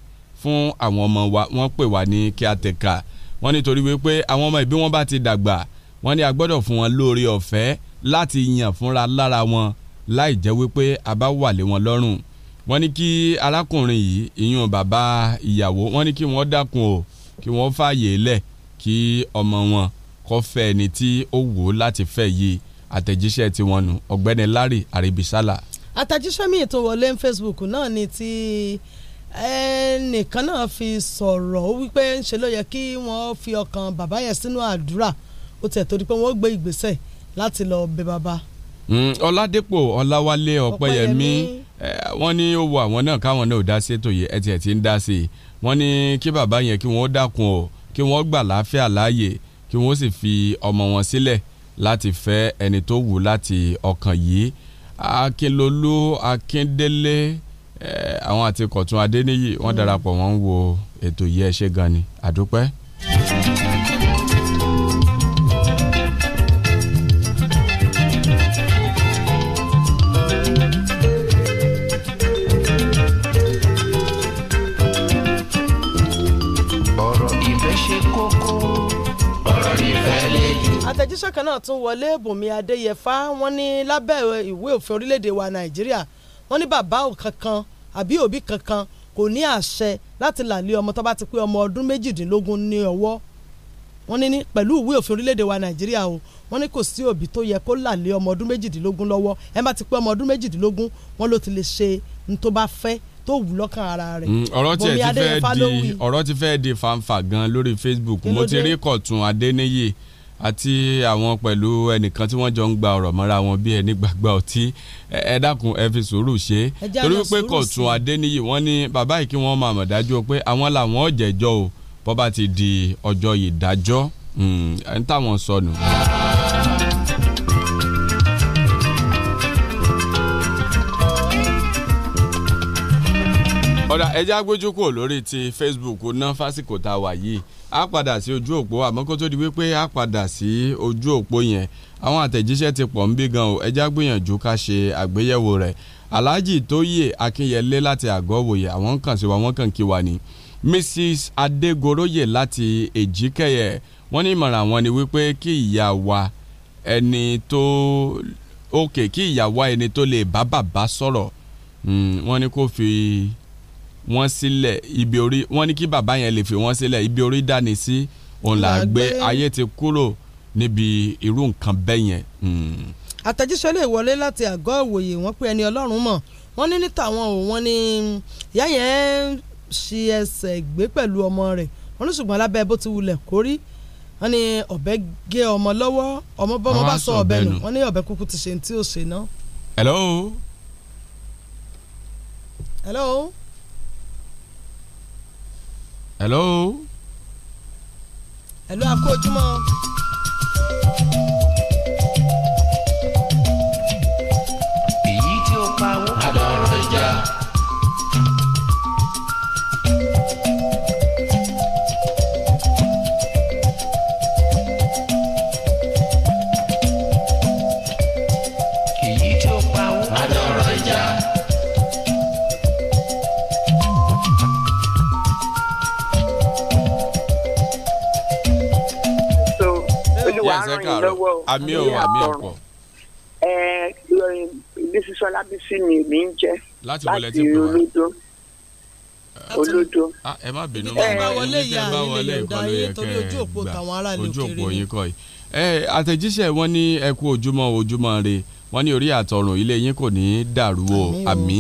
fún àwọn ọmọ wa wọ́n pè wá ní kí a tẹ̀ka wọ́n nítorí wípé àwọn ọmọ ìbí wọn bá ti dàgbà wọ́n ní a fún wọn lóore ọ̀fẹ́ láti yàn fúnra lára wọn láì jẹ́ wípé a bá wà lé wọn lọ́rùn wọ́n ní kí arákùnrin yìí ìyún bàbá ìyàwó wọ́n ní kí wọ́n dákun o kí wọ́n fààyè lẹ̀ kí ọmọ wọn kọ́ fẹ́ ẹni tí ó wù ú láti fẹ́ yìí àtẹ̀jíṣẹ́ tiwọn nù ọ̀gbẹ́ni Larry Aribisala. àtẹ̀jíṣẹ́ mi ètò wọlé ní Facebook náà ni ti ẹnìkan náà fi sọ̀rọ̀ ó wípé ńṣe ló yẹ kí wọ́n fi ọkàn bàbá yẹn sínú àdúrà ó tẹ̀ torí pé wọ́n gbé ìgbésẹ̀ láti lọ bẹ bàbá. Mm, ọládépò ọláwálé ọpẹ́yẹmí wọ́n ní ó wo àwọn náà káwọn náà ò dá sí ètò yìí ẹtì ẹtì ń dá sí i wọ́n ní kí bàbá yẹn kí wọ́n dákun o kí wọ́n gbà láàfíà láàyè kí wọ́n sì fi ọmọ wọn sílẹ̀ láti fẹ́ ẹni tó wù láti ọkàn yìí akínlolú akíndélé àwọn àti kọ̀tún adéníyì wọ́n mm. darapọ̀ wọ́n ń wo ètò yìí ẹ ṣé gan ni àdúpẹ́. pẹtíṣàn kan náà tún wọlé bùnmi adéyẹfà wọ́n ní lábẹ́ ìwé òfin orílẹ̀-èdè wa nàìjíríà wọ́n ní bàbá kankan àbí òbí kankan kò ní àṣẹ láti làlé ọmọ tó bá ti pé ọmọ ọdún méjìdínlógún ní ọwọ́ wọ́n ní pẹ̀lú ìwé òfin orílẹ̀-èdè wa nàìjíríà o wọ́n ní kò sí òbí tó yẹ kó làlé ọmọ ọdún méjìdínlógún lọ́wọ́ ẹ bá ti pé ọmọ ọdún méjìdínlógún wọ́n ló ti lè ṣe n tó bá fẹ́ tó wù lọ́kàn ara rẹ̀. Mm, ọ̀rọ̀ tiẹ̀ ti fẹ́ di ọ̀rọ̀ ti fẹ́ di fanfa gan lórí Facebook mo ti rí kọ̀tún adéníyè àti àwọn pẹ̀lú ẹnìkan tí wọ́n jọ ń gba ọ̀rọ̀ mọ́ra wọn bí ẹni gbàgbà ọtí ẹ dákun ẹ fi sùúrù ṣe torí pé kọ̀tún adéníyì wọ́n ní bàbá yìí kí wọ́n máa mọ̀ dájú pé àwọn làwọn ò o bó bá ti di ọjọ́ ìdájọ́ hmm, ẹ̀ ń tàwọn sọnù. ọ̀dà ẹja agbójú kúrò lórí ti Facebook ná fásitì tá a wà yìí a padà sí ojú òpó àmọ́ kó tó di wípé a padà sí ojú òpó yẹn àwọn àtẹ̀jíṣẹ́ ti pọ̀ ń bí gan o ẹja gbìyànjú ká ṣe àgbéyẹ̀wò rẹ̀ Alhaji Tóyè Akínyẹlé láti àgọ́ àwọn kan sí wa wọ́n kàn kí wa ni Mrs Adégoroyè láti Èjìkẹ́yẹ wọ́n ní ìmọ̀ràn àwọn ni wípé kí ìyá wa ẹni tó òkè kí ìyá wa ẹni tó lè bá bàbá sọ̀rọ̀ hmm, wọ́n ní kó fi wọ́n sílẹ̀ ibi orí wọ́n ní kí bàbá yẹn lè fi wọ́n sílẹ̀ ibi orí dání sí òun là gbé ayé ti kúrò níbi irú nǹkan bẹ́ẹ̀ yẹn. Hmm. àtẹ̀jíṣẹ́ lè wọlé láti àgọ́ ìwòye wọ́n pé ẹni ọlọ́run mọ̀ wọ́n ní níta àwọn òun wọ́n ní ìyá yẹn ṣe ẹsẹ̀ gbé pẹ̀lú ọmọ rẹ̀ wọ́n ní ṣùgbọ́n lábẹ́ bó ti wulẹ̀ kórí wọ́n ní ọ̀bẹ gé ọmọ lọ́wọ́ ọmọ bọ́mọ bá sọ ọ̀bẹ nù wọ́n ní ọ̀bẹ kúkú ti ṣe ní tí ò ṣe ná. hello. hello hello. hello àkójúmọ́. lọ́wọ́ àmì o àmì ọ̀pọ̀. ẹ bísísọ́lá bísí ni èmi ń jẹ́ láti olódó olódó. Ah, ẹ má bínú mọ́ ẹ wọlé yà á wọlé ìkọlù yẹ kẹ́ ẹ gbà ojú òpó yín kọ́ yìí. ẹ àtẹ̀jíṣẹ́ wọn ní ẹ ojúmọ́ ojúmọ́ re wọ́n ní orí àtọ̀run ilé yín kò ní í dàrú o àmì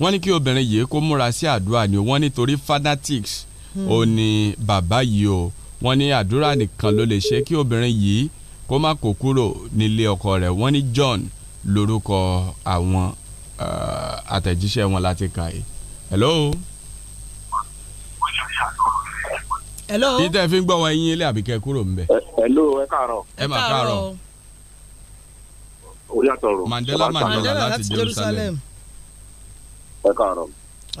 wọ́n ní kí obìnrin yìí kó múra sí àdúrà ni wọ́n nítorí fanatics ò hmm. ní bàbá yìí o wọ́n ní àdúrà nìkan ló lè ṣe kí obìnrin yìí kó má kó kúrò nílé ọkọ rẹ̀ wọ́n ní John lórúkọ àwọn uh, àtẹ̀jíṣẹ́ wọn láti kà é. hello. hello. ìtẹ̀ fi ń gbọ́ wọn yín ilé àbíkẹ́ kúrò ń bẹ̀. hello ẹ káàárọ̀. ẹ mà káàárọ̀. orí àtọ̀rọ̀. Mandela Mandela láti Jerusalem. ẹ káàárọ̀.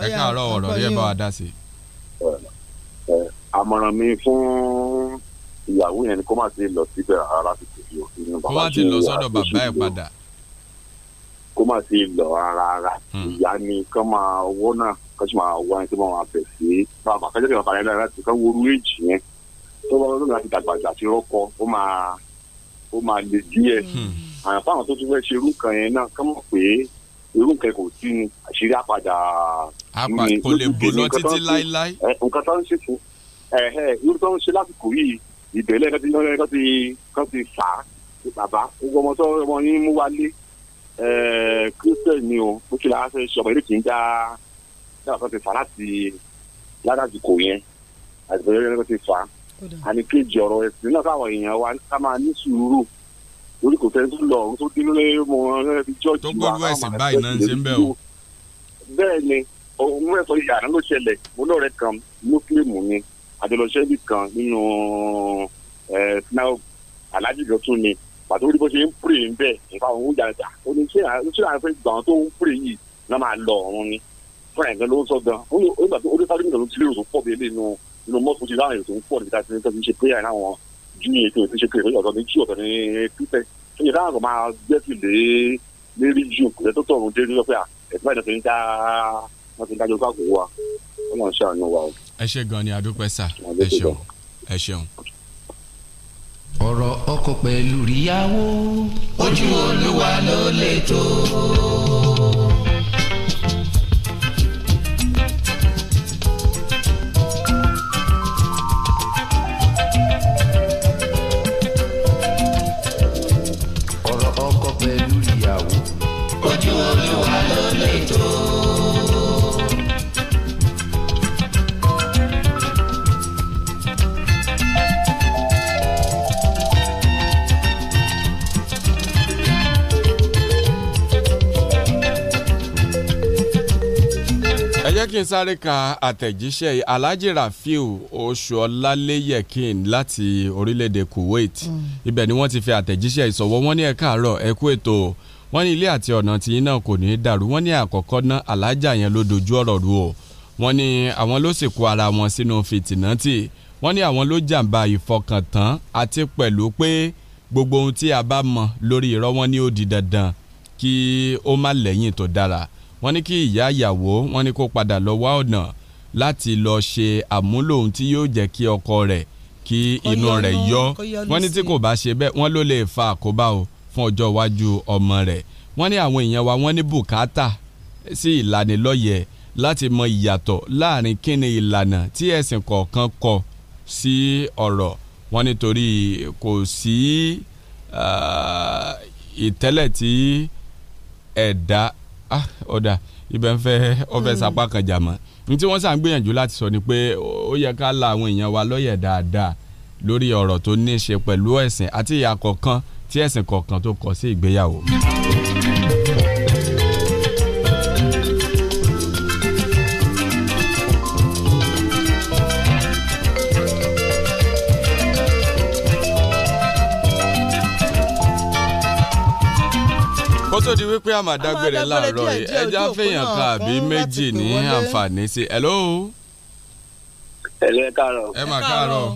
ẹ káàárọ̀ ọ̀rọ̀ yẹn bá wa dá sí. àmọ̀ràn mi fún ìyàwó yẹn ni kó má ti lọ síbẹ̀ rárá ti tèmi o inú bàbá tó wà tó ṣubú kó má ti lọ sọ́dọ̀ bàbá ẹ̀ padà. kó má ti lọ rárá hmm. ìyá ni kán máa wọ́n náà kán sì máa wá ẹni tó máa bẹ̀ sí bàbá kájọ́ kí bàbá yẹn dára láti kán wọ́ọ́rú èjì yẹn tó bá lọ́dún láti dàgbà àti rọ́kọ ó máa ó máa le díẹ̀ hmm. hmm. àwọn fáwọn tó tún fẹ́ ṣe irú kan yẹn náà kán mọ̀ pé irú nǹkan kò sí ni àṣírí àpadà. àpà kò lè bò lọ títí láéláé. Eh, nǹkan tó ń ṣe fún irú tó ń ṣe lásìkò yìí ìbẹ̀lẹ̀ kan ti kan ti kan ti fà á bàbá gbogbo ọmọ tó ọmọ yín mú wálé Christian ni o bó kí la fẹ́ ṣe ọmọ ilé kì í já dábàá kan ti fà láti ládàjù kò yẹn àti ìbẹ̀lẹ̀ kan ti fà á àní kejì ọ̀rọ̀ ẹ̀sìn náà káwọn èèyàn wa ká máa ní sùúrù lórí kò tẹ́lẹ̀ lọ tó dínú lé mọ́ ẹ jọ́ọ̀jì wa. tó ẹ̀sìn báyìí náà ń ṣe ń bẹ̀ o. bẹ́ẹ̀ ni òun mẹ́sàn-án yàrá ló ṣẹlẹ̀ mo náà rẹ̀ kan mùsùlùmù ni àjọlọsẹ́bì kan nínú sinagogue alájì kan tún ni pàtó orí bó ṣe ń pèrè ń bẹ̀ nǹkan àwọn oúnjẹ àjà ó ní ṣé àwọn fẹ́ gbà wọn tó ń pèrè yìí náà máa lọ ọ̀run ni fúnra ẹ̀gbẹ́ ló ń sọ gan ó nígbà tó onífàdé nìkan ló ti lérò tó pọ̀ bí eléyìí nínú mọ́tò ti láwọn èrò tó ń pọ̀ níbi táti nítorí ṣe pé àìní àwọn júwìn ètò ìfi ṣe pé ọ̀dọ́ ní jí ọ̀dọ́ ní pípẹ́ tó yẹ káwọn máa gbẹ́sì lé lérí jù kò wọ́n ti dájọ́ káàkó wa wọ́n náà ṣàánú wa o. ẹ ṣe gan ni adúpẹ́ sà ẹ ṣeun ẹ ṣeun. ọ̀rọ̀ ọkọ pẹ̀lú ìyàwó ojú olúwa ló lè tó. sáré ka àtẹ̀jíṣẹ́ alhaji rafiu oṣuọláléyẹkin láti orílẹ̀-èdè kuwait mm. ibẹ̀ ni wọ́n ti fi àtẹ̀jíṣẹ́ ìsọ̀wọ́ wọn ní ẹ káàárọ̀ ẹ kú ètò wọ́n ní ilé àti ọ̀nà tìyín náà kò ní í dàrú wọ́n ní àkọ́kọ́ ná alájà yẹn ló dojú ọ̀rọ̀ rú o wọ́n ní àwọn ló sì kó ara wọn sínú fìtìnántì wọ́n ní àwọn ló jàǹbá ìfọkàntán àti pẹ̀lú pé gbogbo ohun tí a bá mọ̀ lórí irọ́ wọn ní ó di dandan kí ó má lẹ́yìn tó dára wọ́n ní kí ìyá ìyàwó wọ́n ní kó padà lọ wá ọ̀nà láti lọ ṣe àmúlò ohun tí yóò jẹ́ kí ọkọ rẹ̀ kí inú rẹ̀ yọ wọ́n ní tí kò bá ṣe bẹ́ẹ̀ wọ́n ló lè fa àkóbá o fún ọjọ́ iwájú ọmọ rẹ̀ wọ́n ní àwọn èèyàn wa wọ́n ní bùkátà sí ìlanilọ́yẹ̀ láti mọ ìyàtọ̀ láàrin kíni ìlànà tí ẹ̀sìn kọ̀ọ̀kan kọ sí ọ̀rọ̀ wọn nítorí kò sí ìtẹ́lẹ̀ tí ẹ̀dá ah ọ̀dà ibẹ̀ ń fẹ́ ọfẹ́ hmm. sapá kan jà mọ́ ní tí wọ́n sàn gbìyànjú láti sọ ni pé ó yẹ ká la àwọn èèyàn wa lóye dáadáa lórí ọ̀rọ̀ tó ní í ṣe pẹ̀lú ẹ̀sìn àti ìyà kọ̀ọ̀kan tí ẹ̀sìn kọ̀ọ̀kan tó kọ sí ìgbéyàwó. kó tó di wípé a máa dágbére láàárọ̀ yìí ẹja fẹ́yàn kan àbí méjì ní àǹfààní sí i. hello. hello ẹ káàárọ̀. ẹ máa káàárọ̀.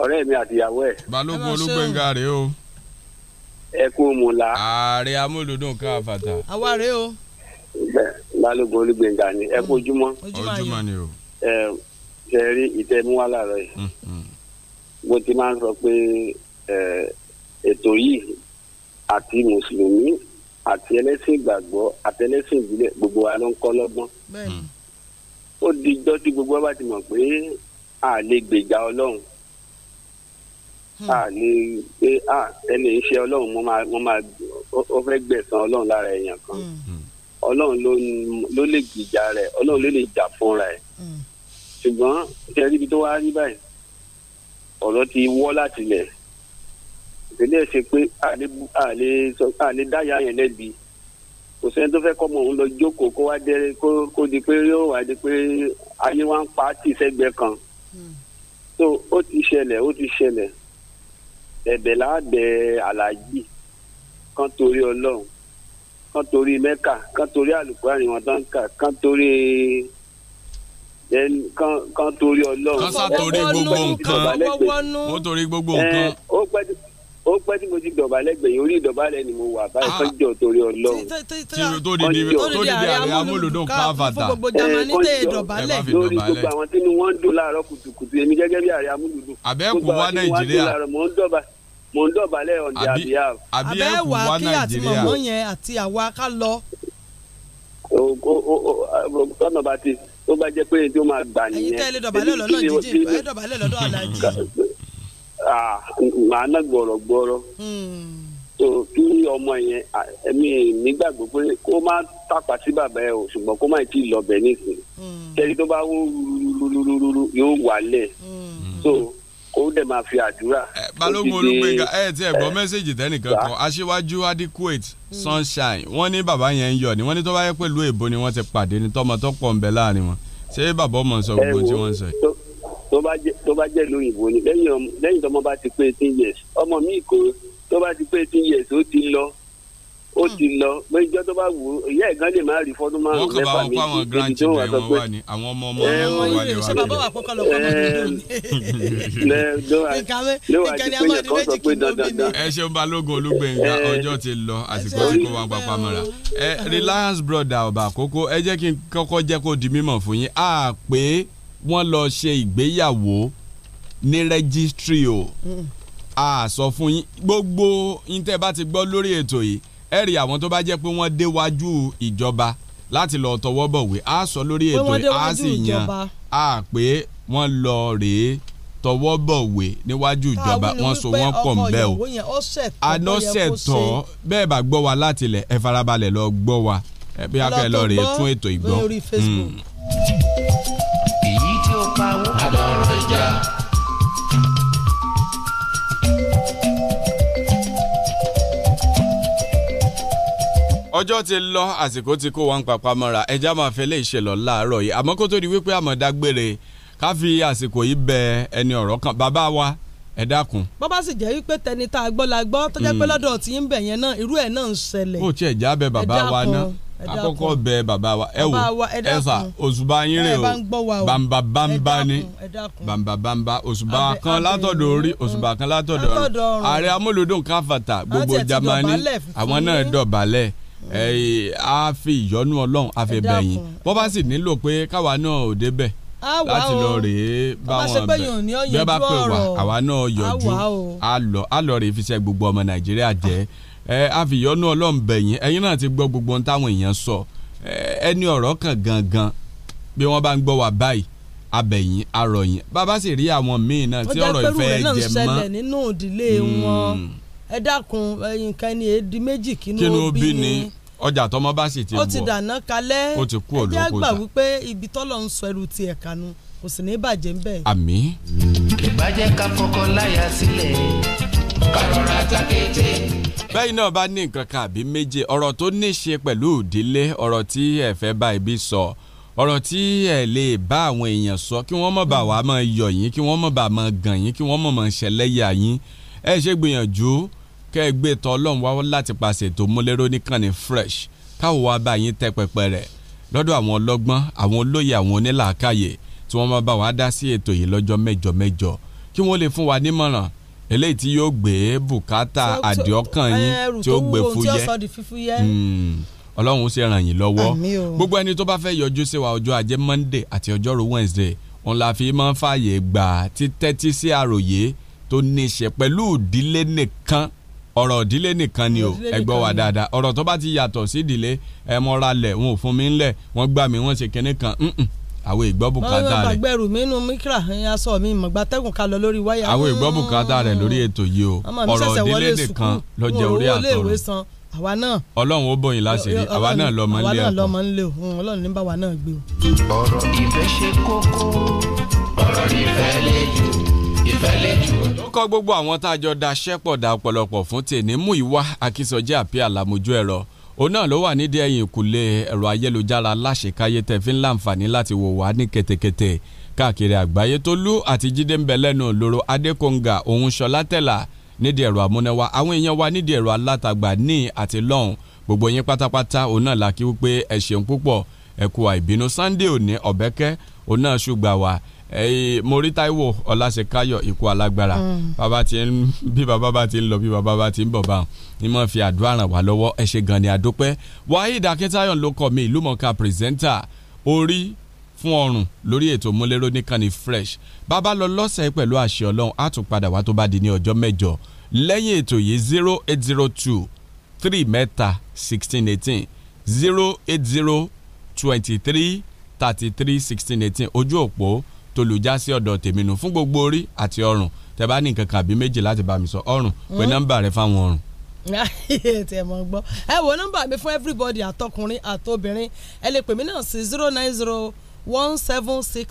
ọ̀rẹ́ mi àti ìyàwó ẹ̀. balógun olúgbẹ̀ngà rèé o. ẹ kú mùlá. ààrẹ amúlùdùn kan àfàtà. àwa rèé o. balógun olúgbẹ̀ngà ni ẹ kú mm. ojúmọ́. ojúmọ́ ni o. ẹ ṣe rí ìtẹ́múwá láàárọ̀ yìí. Mm-hmm. mo ti máa ń sọ pé ètò yìí àti mùsùlùmí àti ẹlẹ́sìn ìgbàgbọ́ àti ẹlẹ́sìn ìbílẹ̀ gbogbo wa ló ń kọ́ lọ́gbọ́n. Hmm. ó di ijọ́ tí gbogbo wa bá ti mọ̀ pé a lè gbèjà ọlọ́run hmm. a lè pé a ẹni iṣẹ́ ọlọ́run mo máa mo máa ó fẹ́ gbẹ̀san ọlọ́run lára èèyàn kan hmm. ọlọ́run ló lè gbèjà rẹ̀ ọlọ́run ló lè jà fúnra ẹ̀ ṣùgbọ́n ṣe rí ibi tó wá rí báyìí ọ̀rọ̀ ti wọ́ látilẹ̀ eléyìí ṣe pé àlè dáyà yẹn lẹ́bi kò sẹ́ni tó fẹ́ kọ́ mọ̀ òun lọ jókòó kó wá dé kó di pé yóò wá di pé ayé wa ń pa á tì sẹ́gbẹ́ kan hmm. so ó ti ṣẹlẹ̀ ó ti ṣẹlẹ̀ ẹ̀bẹ̀ láàbẹ̀ aláàjì kan torí ọlọ́run kan torí mẹ́kà kan torí àlùkùránì wọn tán kà kan torí kan torí ọlọ́run. kan sá torí gbogbo nǹkan ó torí gbogbo nǹkan ó pẹ́ tí mo ti dọ̀bálẹ̀ gbẹ̀yìn orí ìdọ̀bálẹ̀ ni mo wà báyìí ah. fọ́jọ́ torí ọlọ́run. tó di di tó di di àrẹ amúlùdùn káfàtà. fún gbogbo jamani eh, tẹ ẹ dọ̀bálẹ̀. lórí gbogbo àwọn tí ni wọ́n ń dùn láàárọ̀ kùtùkùtù èmi gẹ́gẹ́ bí àrẹ amúlùdùn. àbẹ́ẹ̀kù wá nàìjíríà mo ń dọ̀bálẹ̀ ọ̀dẹ̀ àbíyá. àbẹ́ẹ̀kù wá nàìjíríà tọ́nà bá ti tó bá jẹ́ pé tó máa gbà nìyẹn. ẹ̀yin tẹ́ ẹ lè dọ̀bálẹ̀ lọ́nà jíjìn ẹ dọ̀bálẹ̀ lọ́dọ̀ alájí màá ná gbọ̀rọ̀gbọ̀rọ̀ hmm. kí ọmọ yẹn ẹ̀mí nígbàgbọ́ pé kó má tàpá sí bàbá ẹ̀ o ṣùgbọ́n kó má tí ì lọ́bẹ̀ nìsín hmm. tẹ́lẹ̀ tó bá wó rúrúrúrú yóò wálẹ̀ hmm. so kó dẹ̀ máa fi àdúrà. Eh, balógun olùgbéga ẹ ti ẹ gbọ́ eh, mẹ́sẹ̀gì tẹ́nìkan kan aṣíwájú adequate sunshine wọ́n ní bàbá yẹn ń yọ̀ ni wọ́n ní tó bá yẹ pẹ̀lú èbó ni wọ́n ti pàdé ni tọmọ pọ̀ ń bẹ láàrin wọn ṣé bàbá ọmọ sọ gbogbo tí wọ́n sọ tó bá jẹ́ lóyìnbó ni lẹ́yìn tọmọ bá ti pé eighteen years ọmọ mi kò tó bá ti pé eighteen years ó ti lọ ó ti hmm. lọ pé ìjọ tó bá wù ú ìyá ẹ̀ gan lè má rí fọ́dún márùn-ún mẹ́fà mi níbi tí wọ́n sọ pé àwọn ọmọ ọmọ eh, wọn wà ní wàhálà ṣe bàbá wà kọ́kọ́ lọ kọ́kọ́ lọ́dún ìkàwé ìkàwé amadu méjì kì í lóbi mi. ẹ ṣeun balógun olúgbẹ̀ngà ọjọ́ ti lọ àsìkò tí kò wá papá mọ́ra ẹ eh, Reliance brother ọba àkókò ẹ jẹ́ kí n kọ́kọ́ jẹ́ kó di mímọ̀ fún yín a pé wọ́n lọ ṣe ìgbéyàwó ní rẹ́gísítírì o mm. a sọ fún yín gbogbo yín tẹ́ bá ti gbọ́ lórí ètò yìí ẹ rí àwọn tó bá jẹ́ pé wọ́n déwájú ìjọba láti lọ tọwọ́ bọ̀wé a sọ lórí ètò yìí a sì yan a pé wọ́n lọ rèé tọwọ́ bọ̀wé níwájú ìjọba wọ́n so wọ́n pọ̀ nbẹ́ o anọ́sẹ̀tọ̀ bẹ́ẹ̀ bá gbọ́ wa láti lẹ̀ ẹ farabalẹ̀ lọ gbọ́ wa ẹ bí akẹ́ lọ rèé fún ètò ìgbọ́. Abuja. ọjọ́ ti lọ àsìkò tí kò wọ́n papá mọ́ra ẹja máa fẹ́ lè ṣe lọ láàárọ̀ yìí àmọ́ kó tó di wípé àmọ̀dágbére ká fi àsìkò yìí bẹ ẹni ọ̀rọ̀ kan bàbá wa ẹ dákun. bó bá sì jẹ́ wípé tẹni tá a gbọ́ la gbọ́ tó jẹ́ pé hmm. lọ́dọ̀ tí ń bẹ̀ yẹn náà irú ẹ̀ náà ń ṣẹlẹ̀. ó tiẹ̀ já bàbá wa náà àkọ́kọ́ bẹ baba, wa ẹ wò ẹ sà òṣùbà yín rè o bàǹbà bàǹbà ni bàǹbà bàǹbà òṣùbà kan látọ̀dọ̀ orí òṣùbà kan látọ̀dọ̀ ọ̀run ààrẹ amúlòdùn káfàtà gbogbo jamani àwọn náà dọ̀bálẹ̀ mm. a fi ìyọ́nú ọlọ́run a fi bẹ̀yìn bọ́ bá sì nílò pé káwa náà ò débẹ̀ láti lọ rèé bá wọn bẹ bẹ́ẹ̀ bá pè wá àwa náà yọjú a lọ rèé fi ṣe gbogbo ọmọ nàìjíríà jẹ́ àfìyọ́nú ọlọ́run bẹ̀yìn ẹ̀yin náà ti gbọ́ gbogbo ohun táwọn èèyàn sọ ẹni ọ̀rọ̀ kan gangan bí wọ́n bá ń gbọ́ wa báyìí abẹ̀yìn arọ̀yìn bàbá sì rí àwọn míì náà tí ọ̀rọ̀ ìfẹ́ jẹ mọ́. ó jẹ́ pẹ̀lú rẹ̀ náà ṣẹlẹ̀ nínú ìdílé hmm. wọn ẹ dákun nǹkan ni èdè méjì kínú bí ni ọjà tọmọ bá sì ti wọ ó ti dáná kalẹ̀ ó ti kú olóko ta ẹ jẹ́ àgbà wípé ibi tọ́lọ̀ ń sọ ẹrù tiẹ̀ kanu kò sì ní bàjẹ́ ń bẹ̀. àmín. ìbàjẹ́ ká fọkọ láyà sílẹ̀ kárọ̀rà tàkété. bẹ́ẹ̀ náà bá ní nǹkan kan àbí méje ọ̀rọ̀ tó ní í ṣe pẹ̀lú ìdílé ọ̀rọ̀ tí ẹ fẹ́ bá ibi sọ ọ̀rọ̀ tí ẹ lè bá àwọn èèyàn sọ kí wọ́n mọ̀ bá wa mọ̀ yọ̀ yín kí wọ́n mọ̀ bá mọ̀ gàn yín kí wọ́n mọ̀ mọ̀ ṣẹlẹ́yà yín ẹ ṣe gbìyànjú kẹ́ ẹ gbé tọ́ ọlọ́run wá láti pàṣẹ tó múlẹ́rọ́ nìkan ní fresh káwọ́ wa bá yín tẹ pẹpẹ rẹ̀ lọ́dọ̀ àwọn ọlọ́gbọ́n àwọn olóyè àwọn onílàákàyè tí wọ́n máa bá wa dá sí ètò yìí lọ́jọ́ mẹ́jọ mẹ́jọ kí wọ́n lè fún wa nímọ̀ràn eléyìí tí yóò gbé bùkátà àdìọ́kàn yín tí ó gbé fúyẹ́ hmm. ọlọ́run ó sì ràn yín lọ́wọ́ gbogbo ẹni tó bá fẹ́ yọjú sí wa ọjọ́ ajé monday àti ọjọ́rú wednesday òun la fi máa ń fààyè gbà títẹ́tí sí àròyé tó ní í ṣe pẹ̀lú ìdílé nìkan ọ̀rọ̀ ìdílé nìkan ni o ẹ gbọ́ wa dáadáa ọ̀rọ̀ tó bá ti yàtọ̀ sí ìdílé ẹ mọ́ra lẹ̀ wọn ò fún mi ńlẹ̀ wọ́n gbà mí wọ́n ṣe kinní kan àwọn ìgbọ́bùkátà rẹ̀. ọgbẹ́rù mi nu mikra aṣọ mi mọ̀gbà tẹ́gùn ká lọ lórí wáyà. àwọn ìgbọ́bùkátà rẹ̀ lórí ètò yìí o ọ̀rọ̀ ìdílé nìkan ló jẹ́ orí àtọ̀rọ̀ àwa náà. ọlọ́run ó bọ̀yìn láṣìírí àwa náà lọ́mọ ń lé ẹ̀kọ́. àwa náà lọ́mọ ń lé o ọlọ́run ní bá wa náà gbé o. ọ̀rọ̀ ìfẹ́ ṣe kókó ọ̀rọ̀ ìfẹ́ lè jù ìfẹ́ lè jù. ó kọ́ gbogbo àwọn tá a jọ daṣẹ́pọ̀ da ọ̀pọ̀lọpọ̀ fún tèmi mú ìwá akínsọjẹ́ àpí àlàmójú ẹ̀rọ òun náà ló wà nídìí ẹ̀yìn ìkùlé ẹ̀rọ ayélujára láṣekáyé tẹ̀ fi ń láǹfààní láti wò wá ní kẹ̀tẹ̀kẹ̀tẹ̀ káàkiri àgbáyé Tolú àti Jídé ń bẹ lẹ́nu lóró Adékọ̀ǹgà òun Ṣọlá Tẹ̀là nídìí ẹ̀rọ amúnẹ́wá àwọn èèyàn wa nídìí ẹ̀rọ alátagbà ní àti lọ́hùn gbogbo yín pátápátá òun náà làkí wípé ẹ púpọ̀ ẹ àìbínú Sunday òní ọ̀bẹ́kẹ́ òun náà ṣùgbà wá mórí Táíwò Ọláṣẹkáyọ̀ ikú alágbára mm. bàbá tí ń bí bàbá bá ti ń lọ bí bàbá bá ti ń bọ̀ báwọn ni mo fi àdúrà ràn wá lọ́wọ́ ẹ ṣe gan ni àdópẹ́ Waheed Akíntayọ̀ ló kọ mi ìlúmọ̀ọ́ká pírẹsẹ́ńtà orí fún ọrùn lórí ètò múlẹ́rọ nìkan ni fresh bàbá lọ lọ́sẹ̀ pẹ̀lú àṣẹ ọlọ́run á tún padà wá tó bá di ní ọjọ́ mẹ́jọ lẹ́yìn ètò yìí zero eight zero two three mẹ́ta sixteen eighteen zero eight zero twenty three thirty three sixteen eighteen ojú òpó tó lù já ọ̀dọ̀ tèmi fún gbogbo orí àti ọrùn tẹ bá ní nǹkan àbí méjì láti bá mi sọ ọrùn pé mm. nọ́mbà rẹ fáwọn ọrùn tí ẹ mọ̀ gbọ́ ẹ wo nọ́mbà mi fún everybody àtọkùnrin àtobìnrin ẹ lè pè mí náà sí zero nine zero one seven six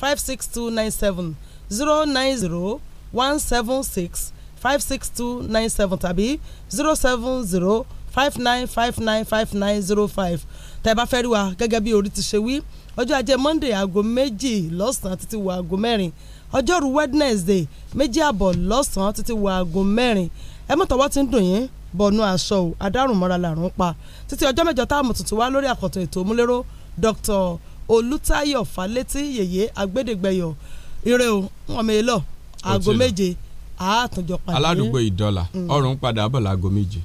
five six two nine seven zero nine zero one seven six five six two nine seven tàbí zero seven zero five nine five nine five nine zero five tẹ́ bá fẹ́ rí wa gẹ́gẹ́ bí orí ti ṣe wí ọjọ́ ajé monday aago méjì lọ́sàn-án títí wọ aago mẹ́rin ọjọ́rú wednesday méjì àbọ̀ lọ́sàn-án títí wọ aago mẹ́rin ẹ mọ̀ tọwọ́ ti ń dùn yín bọ̀nú aṣọ ò adárùnmọ́ra làrún pa títí ọjọ́ mẹ́jọ táàmù tuntun wá lórí àkọ́tọ̀ ètò òmúlérò dr olùtayọ̀ falẹ́tì yèyé agbẹ́dẹ́gbẹ́yọ̀ ire o wọn mi lọ aago méje àátúnjọ pàdé. aládùúgbò ìdọ́là mm. ọ̀run padà bọ̀ láago méje.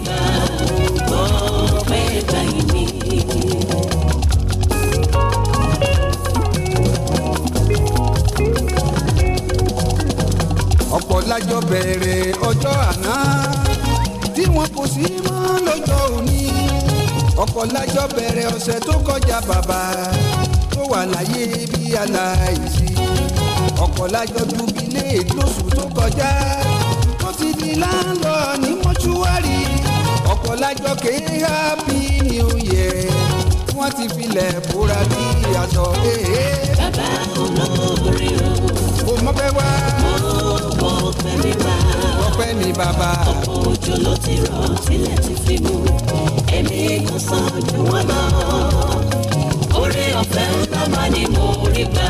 gbígbà ọpẹ́ gbàyìn ni. ọ̀pọ̀ lájọ bẹ̀rẹ̀ ọjọ́ àná tí wọn kò sí mọ́ lọ́jọ́ òní ọ̀pọ̀ lájọ bẹ̀rẹ̀ ọ̀sẹ̀ tó kọjá bàbá tó wà láyé bí aláìsí ọ̀pọ̀ lájọ jubilé lóṣù tó kọjá tó ti di láńlọ́ọ̀ ní mọ́ṣúárì. Fọlájọ kìí happy new year wọ́n ti filẹ̀ búra bí aṣọ. Eh, eh. Bàbá olóògbé o. Mo mọ fẹ́ wá. Mo mọ fẹ́ mi wá. Ọpẹ́ ni bàbá. Ọ̀pọ̀ òjò ló ti rọ̀ tilẹ̀ ti fi mú. Èmi kò san jù wọ́n lọ. Oore ọ̀fẹ́ ńlá máa ni mo rí gbà.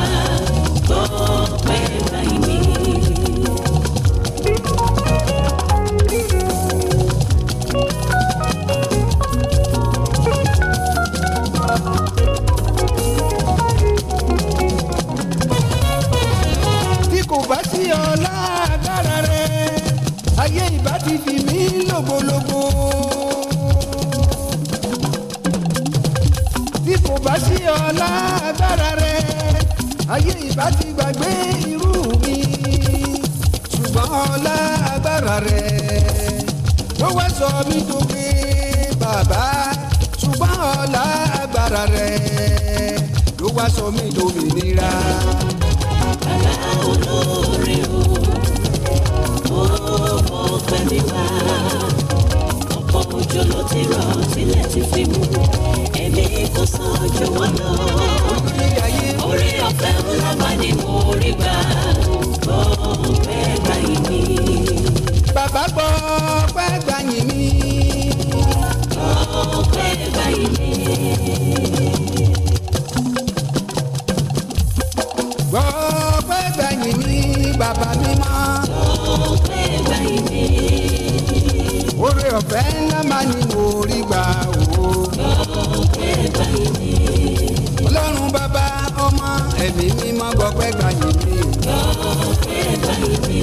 bá sí ọlá agbára rẹ ayé ìbá ti fi mí lògbòlògbò. bí kò bá sí ọlá agbára rẹ ayé ìbá ti gbàgbé irú mi ṣùgbọ́n ọlá agbára rẹ ló wá sọ mí tó gbé bàbá ṣùgbọ́n ọlá agbára rẹ ló wá sọ mí lómìnira olóore o ó ọpẹ́ mi wá ọ̀pọ̀ òjò ló ti rọ̀ tilẹ̀ ti fi mú èmi kò sàn jọ̀wọ́ lọ orí ọ̀fẹ́ ńlá bá ní mo rí gbà. oore ọ̀fẹ́ ńlá máa ní orí gbà wò. ọlọ́run bàbá ọmọ ẹ̀mí mímọ́ gbọ́pẹ́ gbà yìí mi.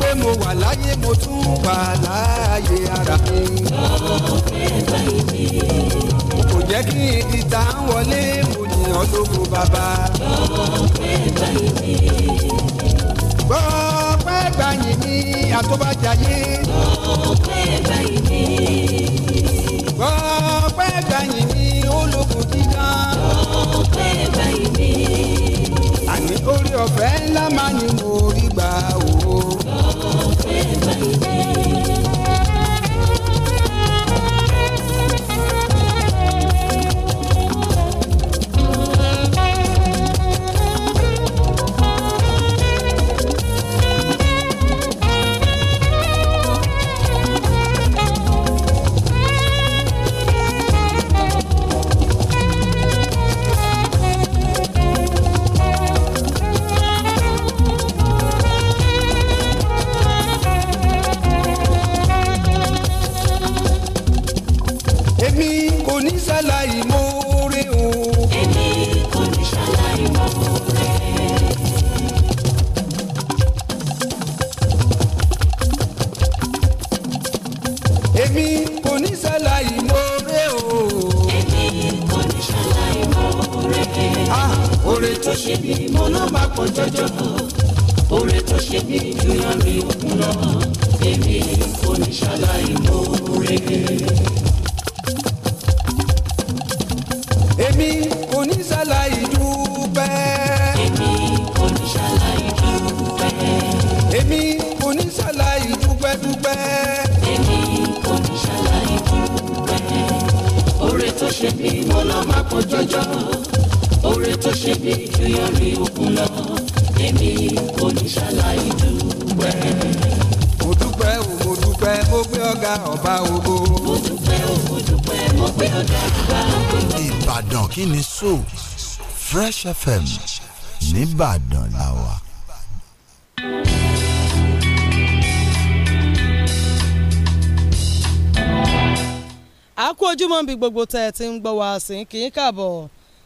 pé mo wà láyé mo tún wà láàyè ara mi. kò jẹ́ kí ìdìtà ń wọlé mo yìn ọ́ lógo bàbá gbọ́ pẹ́ gbàyìn ní àtúbàjáyé. ọpẹ́ gbàyìn ní. gbọ́ pẹ́ gbàyìn ní olókùn dídán. ọpẹ́ gbàyìn ní. àní orí ọ̀fẹ́ ńlá máa ní mo rí gbà. èmi kò ní ṣàlàyé mọ́rẹ́ o. èmi kò ní ṣàlàyé mọ́rẹ́. Ah, oore tó ṣe bí mo náà máa pọ̀ jọjọ. oore tó ṣe bí ju yanrí òkun lọ. èmi kò ní ṣàlàyé mọ́rẹ́. èmi kò ní ṣàlàyé dúpẹ́. èmi kò ní ṣàlàyé dúpẹ́. èmi kò ní ṣàlàyé dúpẹ́ dúpẹ́. tó ṣe bí mo lọ máa pọ̀ jọjọ oore tó ṣe bí èèyàn rí òkun lọ èmi kò dúpẹ́. mo dúpẹ́ o mo dúpẹ́ mo gbé ọ̀gá ọba ògo. mo dúpẹ́ o mo dúpẹ́ mo gbé ọ̀gá ọba ògo. Ìbàdàn kí ni so Fresh FM nìbàdàn làwà. kú ojúmọ́ níbi gbogbo tẹ́ ẹ ti ń gbọ́ wá sí kì í kàbọ̀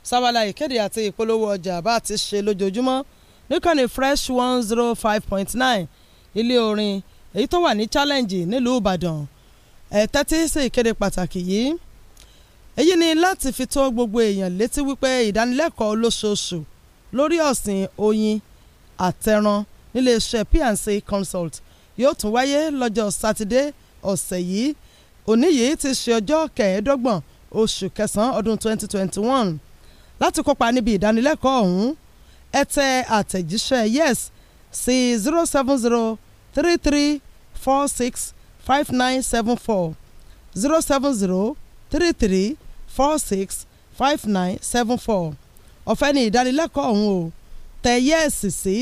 sábàlá ìkéde àti ìpolówó ọjà bá ti ṣe lójoojúmọ́ níkànnì fresh one zero five point nine ilé orin èyí tó wà ní challenge nílùú ìbàdàn ẹ̀ tẹ́tí sí ìkéde pàtàkì yìí èyí ni láti fi tó gbogbo èèyàn létí wípé ìdánilẹ́kọ̀ọ́ olóṣooṣù lórí ọ̀sìn oyin àtẹran níléeṣẹ́ P&C Consult yóò tún wáyé lọ́jọ́ sátidé ọ̀sẹ̀ yìí òní yìí ti ṣe ọjọ́ kẹẹ̀ẹ́dọ́gbọ̀n oṣù kẹsàn-án ọdún 2021 láti kópa níbi ìdánilẹ́kọ̀ọ́ ọ̀hún ẹ tẹ àtẹ̀jíṣẹ́ yes sí 07033465974 07033465974 ọ̀fẹ́ ni ìdánilẹ́kọ̀ọ́ ọ̀hún o tẹ yes sí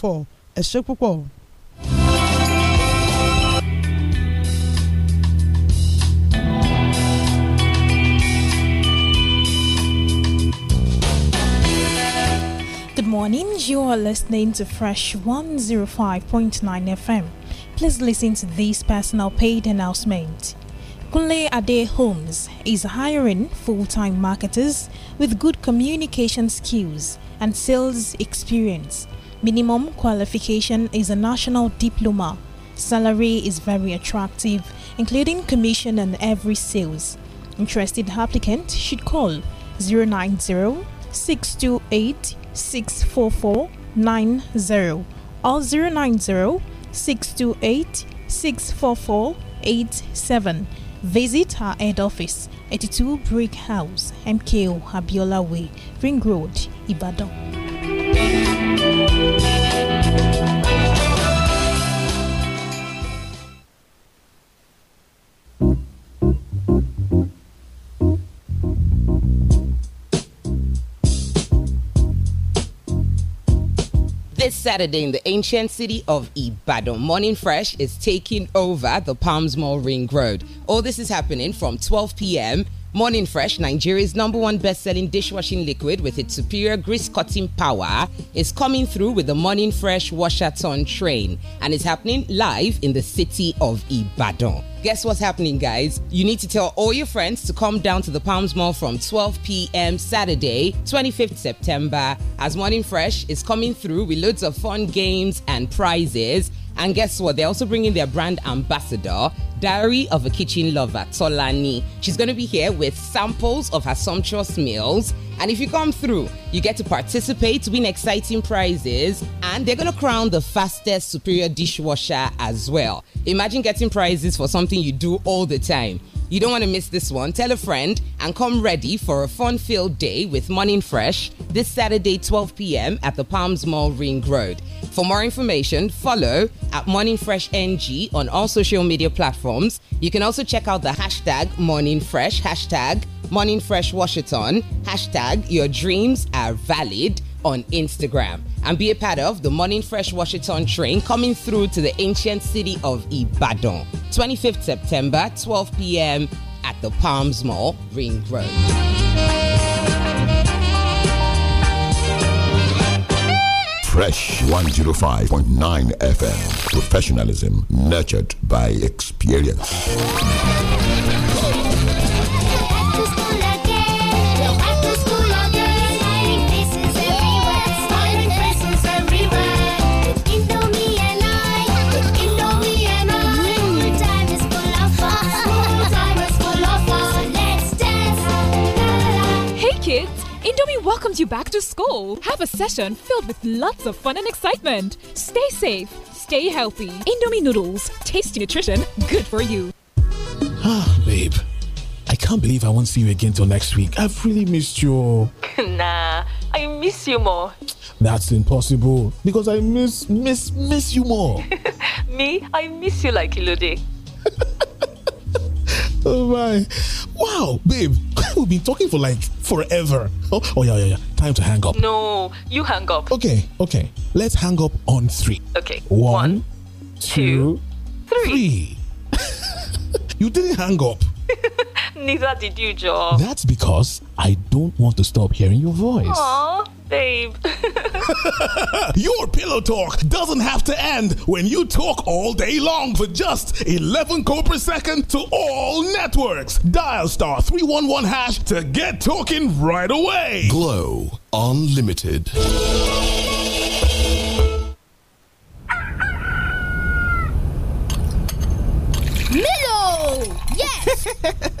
four. ẹ ṣe púpọ̀. Good morning, you are listening to Fresh 105.9 FM. Please listen to this personal paid announcement. Kunle Ade Holmes is hiring full time marketers with good communication skills and sales experience Minimum qualification is a national diploma. Salary is very attractive, including commission on every sales. Interested applicant should call 090 628 or 090 628 Visit our head office, 82 Brick House, MKO Abiola Way, Ring Road, Ibadan. This Saturday in the ancient city of Ibadan, Morning Fresh is taking over the Palms Mall Ring Road. All this is happening from 12 p.m. Morning Fresh, Nigeria's number one best-selling dishwashing liquid with its superior grease-cutting power, is coming through with the Morning Fresh Washathon train and it's happening live in the city of Ibadan. Guess what's happening, guys? You need to tell all your friends to come down to the Palms Mall from 12 p.m. Saturday, 25th September, as Morning Fresh is coming through with loads of fun games and prizes and guess what? They're also bringing their brand ambassador, Diary of a Kitchen Lover, Tolani. She's going to be here with samples of her sumptuous meals. And if you come through, you get to participate, win exciting prizes, and they're going to crown the fastest superior dishwasher as well. Imagine getting prizes for something you do all the time. You don't want to miss this one. Tell a friend and come ready for a fun filled day with Morning Fresh this Saturday, 12 p.m. at the Palms Mall Ring Road. For more information, follow at Morning Fresh NG on all social media platforms. You can also check out the hashtag Morning Fresh, hashtag Morning Fresh Washington, hashtag Your Dreams Are Valid on Instagram and be a part of the Morning Fresh Washington train coming through to the ancient city of Ibadan, 25th September, 12 p.m. at the Palms Mall, Ring Road. Fresh 105.9 FM. Professionalism nurtured by experience. you back to school. Have a session filled with lots of fun and excitement. Stay safe, stay healthy. Indomie noodles, tasty nutrition, good for you. Ah, babe. I can't believe I won't see you again till next week. I've really missed you. nah, I miss you more. That's impossible because I miss, miss, miss you more. Me, I miss you like Ilode. oh my. Wow, babe. We've been talking for like forever. Oh, oh yeah, yeah, yeah. Time to hang up. No, you hang up. Okay, okay. Let's hang up on three. Okay. One, One two, two, three. three. you didn't hang up. Neither did you, Joe. That's because I don't want to stop hearing your voice. Aww babe. Your pillow talk doesn't have to end when you talk all day long for just 11 co per second to all networks. Dial star 311 hash to get talking right away. Glow Unlimited. Milo! Yes!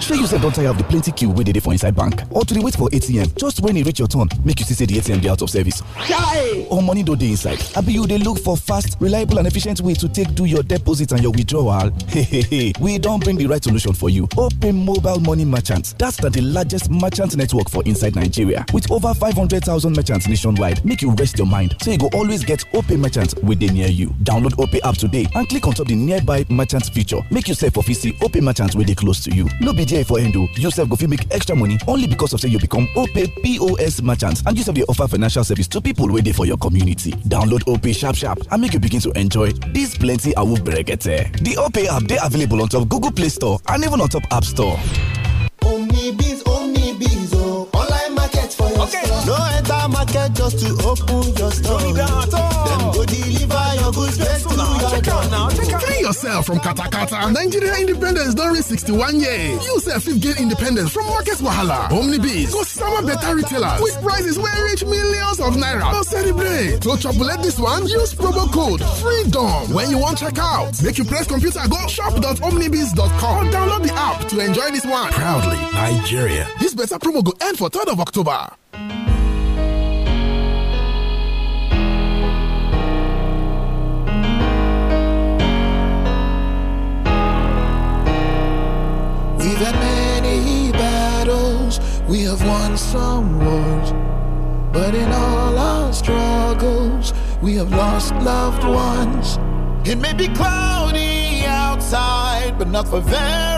shey you sef don tire of di plenty queue wey dey for inside bank or to dey wait for atm just when e reach your turn make you see say di atm dey out of service or money no dey inside abi you dey look for fast reliable and efficient way to take do your deposit and your withdrawal we don bring di right solution for you open mobile money merchant dat na di largest merchant network for inside nigeria with over five hundred thousand merchants nationwide make you rest your mind so you go always get open merchant wey dey near you download open app today and click on top di nearby merchant feature make you sef for fit see open merchant wey dey close to you no be nigeria for endo yourself go fit make extra money only because of say you become opay pos merchant and you sef dey offer financial service to people wey dey for your community download opay sharp sharp and make you begin to enjoy this plenty awoof brekete The opay app dey available on top google play store and even on top app store. okay. No enter market just to open your store. Them go deliver your goods straight to your door. Free yourself from katakata. Nigeria independence don 61 years. You sef fifth gain independence from market wahala. Omnibs go sama better retailers with prices where reach millions of naira. celebrate. To chopulate this one, use promo code FREEDOM when you want check out. Make you press computer go shop.omnibs.com or download the app to enjoy this one. Proudly. Nigeria. This better promo go end for 3rd of October. We've had many battles, we have won some wars. But in all our struggles, we have lost loved ones. It may be cloudy outside, but not for very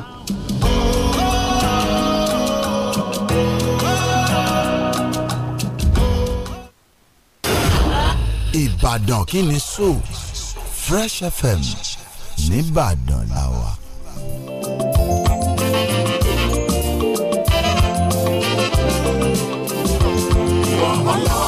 Ìbàdàn kí ni so Fresh FM nìbàdàn la wà. wàhálà.